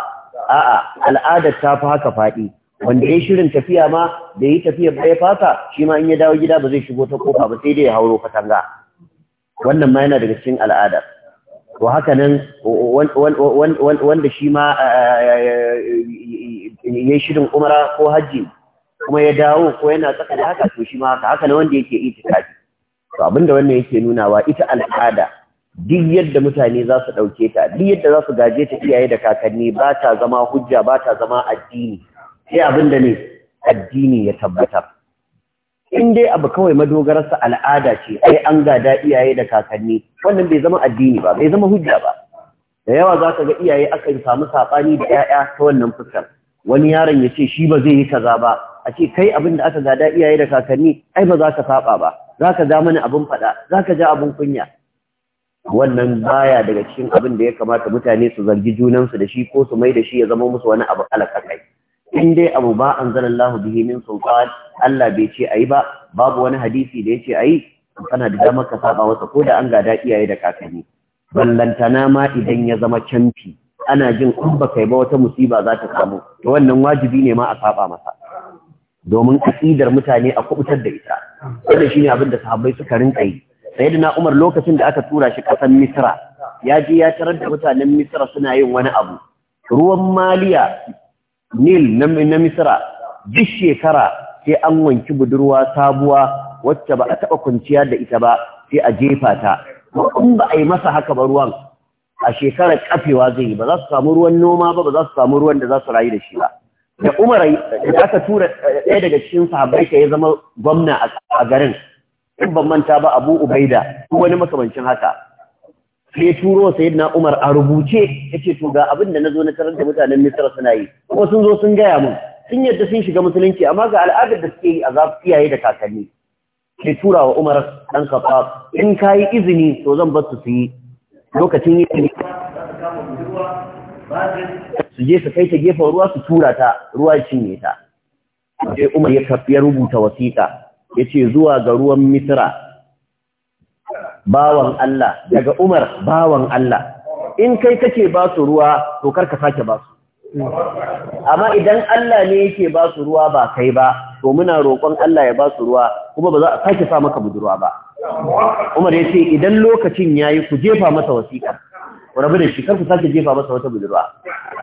a'a al'adar ta fi haka fadi wanda ya shirin tafiya ma da yi tafiya ba ya fasa shi ma in ya dawo gida ba zai shigo ta kofa ba sai dai ya hauro katanga wannan ma yana daga cikin al'ada to haka nan wanda shi ma ya shirin umara ko hajji kuma ya dawo ko yana tsaka da haka to shi ma haka haka nan wanda yake itikafi to abinda wannan yake nunawa ita al'ada duk yadda mutane za su ɗauke ta duk yadda za su gaje ta iyaye da kakanni ba ta zama hujja ba ta zama addini sai abin da ne addini ya tabbatar in dai abu kawai madogararsa al'ada ce ai an gada iyaye da kakanni wannan bai zama addini ba bai zama hujja ba da yawa za ka ga iyaye aka samu saɓani da 'ya'ya ta wannan fuskar wani yaron ya ce shi ba zai yi kaza ba a ce kai abin da aka gada iyaye da kakanni ai ba za ka saba ba za ka ja mana abin faɗa za ka ja abin kunya wannan baya daga cikin abin da ya kamata mutane su zargi junansu da shi ko su mai da shi ya zama musu wani abu alaƙaƙai in dai abu ba an Allah bihi min sultan Allah bai ce ayi ba babu wani hadisi da yace ayi kana da damar ka saba wasa ko da an gada iyaye da kakanni ballantana ma idan ya zama canfi ana jin in ba kai ba wata musiba za ta samu to wannan wajibi ne ma a saba masa domin aqidar mutane a kubutar da ita wannan shine abin da sahabbai suka rinka yi sayyidina Umar lokacin da aka tura shi kasan Misra ya je ya tarar da mutanen Misra suna yin wani abu ruwan maliya nil na Misira, duk shekara sai an wanki budurwa sabuwa wacce ba a taɓa kwanciya da ita ba sai a jefa ta in ba a yi masa haka ba ruwan a shekarar kafewa zai yi ba za su samu ruwan noma ba ba za su samu ruwan da za su rayu da shi ba da umar da aka tura eh, ɗaya daga cikin sahabbai ya zama gwamna a garin in ban manta ba abu ubaida ko wani makamancin haka sai turo na Umar a rubuce yace to ga abin da nazo na karanta mutanen Misra suna yi ko sun zo sun gaya mun sun yadda sun shiga musulunci amma ga al'adar da suke yi a zafi iyaye da kakanni sai tura wa Umar dan kafa, in kai izini to zan bar su su yi lokacin yi su je su kai ta gefen ruwa su tura ta ruwa cinye ta sai Umar ya rubuta wasiƙa yace zuwa ga ruwan Misra bawan Allah daga Umar bawan Allah in kai kake ba su ruwa to kar ka sake ba su amma idan Allah ne yake ba su ruwa ba kai ba to muna roƙon Allah ya ba su ruwa kuma ba za a sake sa maka budurwa ba Umar ya ce idan lokacin yayi ku jefa masa wasiƙa rabu da shi kar ku sake jefa masa wata budurwa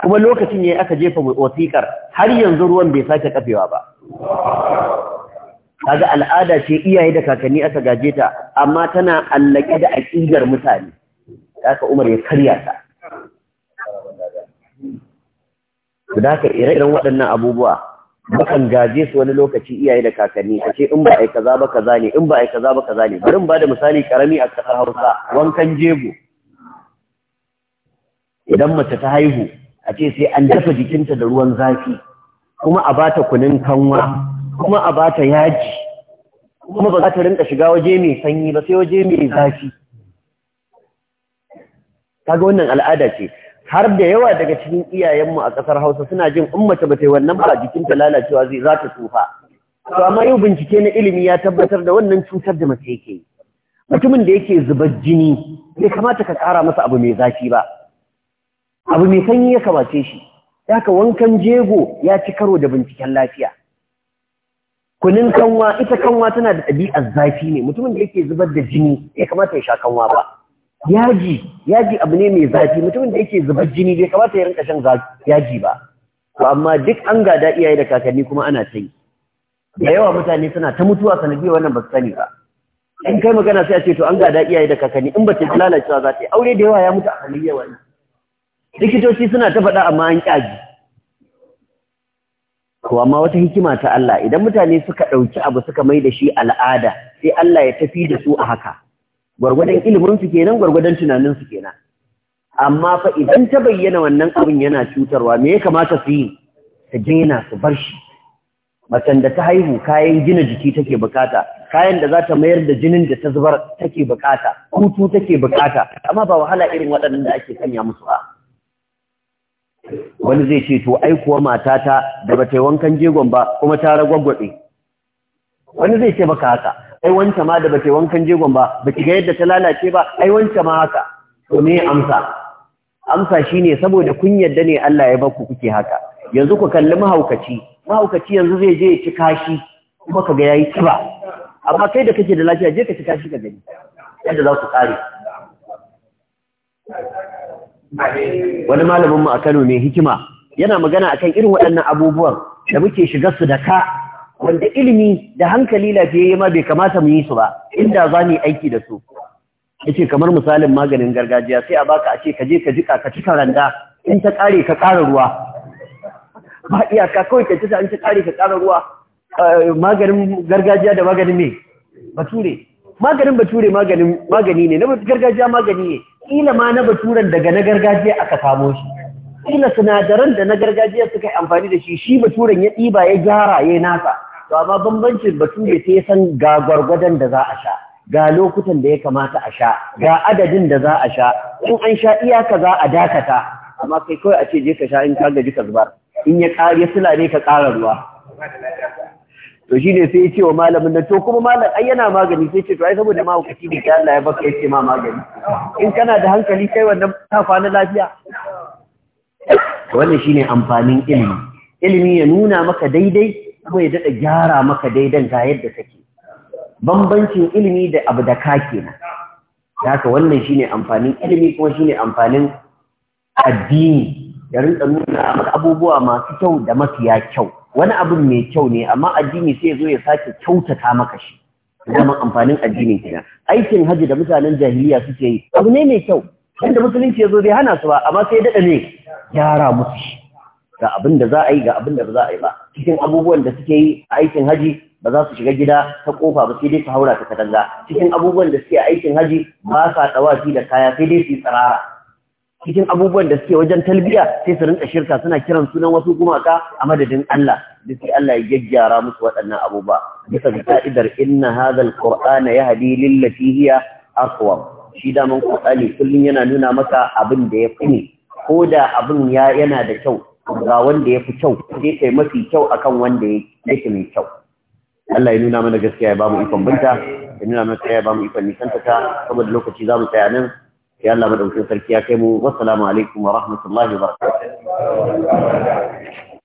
kuma lokacin yayi aka jefa wasiƙar har yanzu ruwan bai sake kafewa ba kaga al'ada ce iyaye da kakanni aka gaje ta amma tana allake da aqidar mutane haka Umar ya karya ta haka ire-iren waɗannan abubuwa bakan gaje su wani lokaci iyaye da kakanni kace in ba ai kaza ba kaza ne in ba ai kaza ba kaza ne bari in bada misali karami a kasar Hausa wankan jego idan mace ta haihu a ce sai an dafa jikinta da ruwan zafi kuma a bata kunin kanwa kuma a ba ta yaji kuma ba za ta rinka shiga waje mai sanyi ba sai waje mai zafi Ta ga wannan al'ada ce har da yawa daga cikin iyayenmu a ƙasar Hausa suna jin ummata ba ta yi wannan ba ta lalacewa zai za ta tsufa to amma yau bincike na ilimi ya tabbatar da wannan cutar da mace yake yi mutumin da yake zubar jini bai kamata ka ƙara masa abu mai zafi ba abu mai sanyi ya kamace shi Ya ka wankan jego ya ci karo da binciken lafiya kunin kanwa ita kanwa tana da ɗabi'ar zafi ne mutumin da yake zubar da jini ya kamata ya sha kanwa ba yaji yaji abu ne mai zafi mutumin da yake zubar jini bai kamata ya rinka shan yaji ba to amma duk an gada iyaye da kakanni kuma ana ta yi da yawa mutane suna ta mutuwa sanadiyar wannan ba su sani ba in kai magana sai a ce to an gada iyaye da kakanni in ba ta lalacewa za ta yi aure da yawa ya mutu a sanadiyar wani likitoci suna ta faɗa amma an ƙyaji to amma wata hikima ta Allah idan mutane suka ɗauki abu suka mai da shi al'ada sai Allah ya tafi da su a haka gwargwadon ilimin su kenan gwargwadon tunanin su kenan amma fa idan ta bayyana wannan abin yana cutarwa me ya kamata su yi ta gina su bar shi macen da ta haihu kayan gina jiki take bukata kayan da za ta mayar da jinin da ta zubar take bukata hutu take bukata amma ba wahala irin waɗannan da ake sanya musu ba wani zai ce to ai kuwa matata da bata yi wankan jegon ba kuma ta ragwagwabe wani zai ce baka haka ai wanta ma da bata yi wankan jegon ba baki ga yadda ta lalace ba ai wanta ma haka to me amsa amsa shine saboda kun yadda ne Allah ya baku kuke haka yanzu ku kalli mahaukaci mahaukaci yanzu zai je ya ci kashi kuma ka ga yayi kiba amma kai da kake da lafiya je ka ci kashi ka gani yadda za ku kare wani malamin mu a Kano mai hikima yana magana akan irin waɗannan abubuwan da muke shiga su da ka wanda ilimi da hankali lafiyayye ma bai kamata mu yi su ba inda za mu aiki da su yace kamar misalin maganin gargajiya sai a baka a ce ka je ka jika ka cika randa in ta kare ka ƙara ruwa ba iya ka kawai ka cika in ta kare ka ƙara ruwa eh, maganin gargajiya da maganin me bature maganin bature maganin magani ne na gargajiya magani ne kila ma na baturan daga na gargajiya aka samo shi kila sinadaran da na gargajiya suka yi amfani da shi shi baturan ya ɗiba ya gyara ya nasa to amma bambancin bature sai san ga gwargwadon da za a sha ga lokutan da ya kamata a sha ga adadin da za a sha in an sha iyaka za a dakata amma kai kawai a ce je ka sha in ka gaji ka zubar in ya ya sula ne ka ƙara ruwa to shi ne sai ya ce wa malamin nan to kuma malam ai yana magani sai ce to ai saboda mahaukaci ne ta Allah ya baka ya ma magani in kana da hankali kai wannan ta kwana lafiya wannan shine amfanin ilimi ilimi ya nuna maka daidai kuma ya dada gyara maka daidan ga yadda kake bambancin ilimi da abu da ka kenan haka wannan shine amfanin ilimi kuma shine amfanin addini ya rinka nuna maka abubuwa masu kyau da mafiya kyau wani abu mai kyau ne amma addini sai zo ya sake kyautata maka shi zaman amfanin addinin kina aikin haji da mutanen jahiliya suke yi abu ne mai kyau inda musulunci ya zo bai hana su ba amma sai daɗa ne gyara musu shi ga abin da za a yi ga abin da ba za a yi ba cikin abubuwan da suke yi a aikin haji ba za su shiga gida ta kofa ba sai dai su haura ta kadanga. cikin abubuwan da suke a aikin haji ba sa tsawafi da kaya sai dai su yi tsirara cikin abubuwan da suke wajen talbiya sai su rinka shirka suna kiran sunan wasu gumaka a madadin Allah duk sai Allah ya gyaggyara musu waɗannan abubuwa bisa ga ka'idar inna hadha qur'ana yahdi lati hiya aqwam shi da man qur'ani kullun yana nuna maka abin da ya fi ko da abin ya yana da kyau ga wanda ya kyau sai kai mafi kyau akan wanda yake mai kyau Allah ya nuna mana gaskiya ya bamu ikon binta ya nuna mana gaskiya ya bamu ikon nisantaka, saboda lokaci za mu tsaya nan يا الله مدعو في تركيا كيمو والسلام عليكم ورحمة الله وبركاته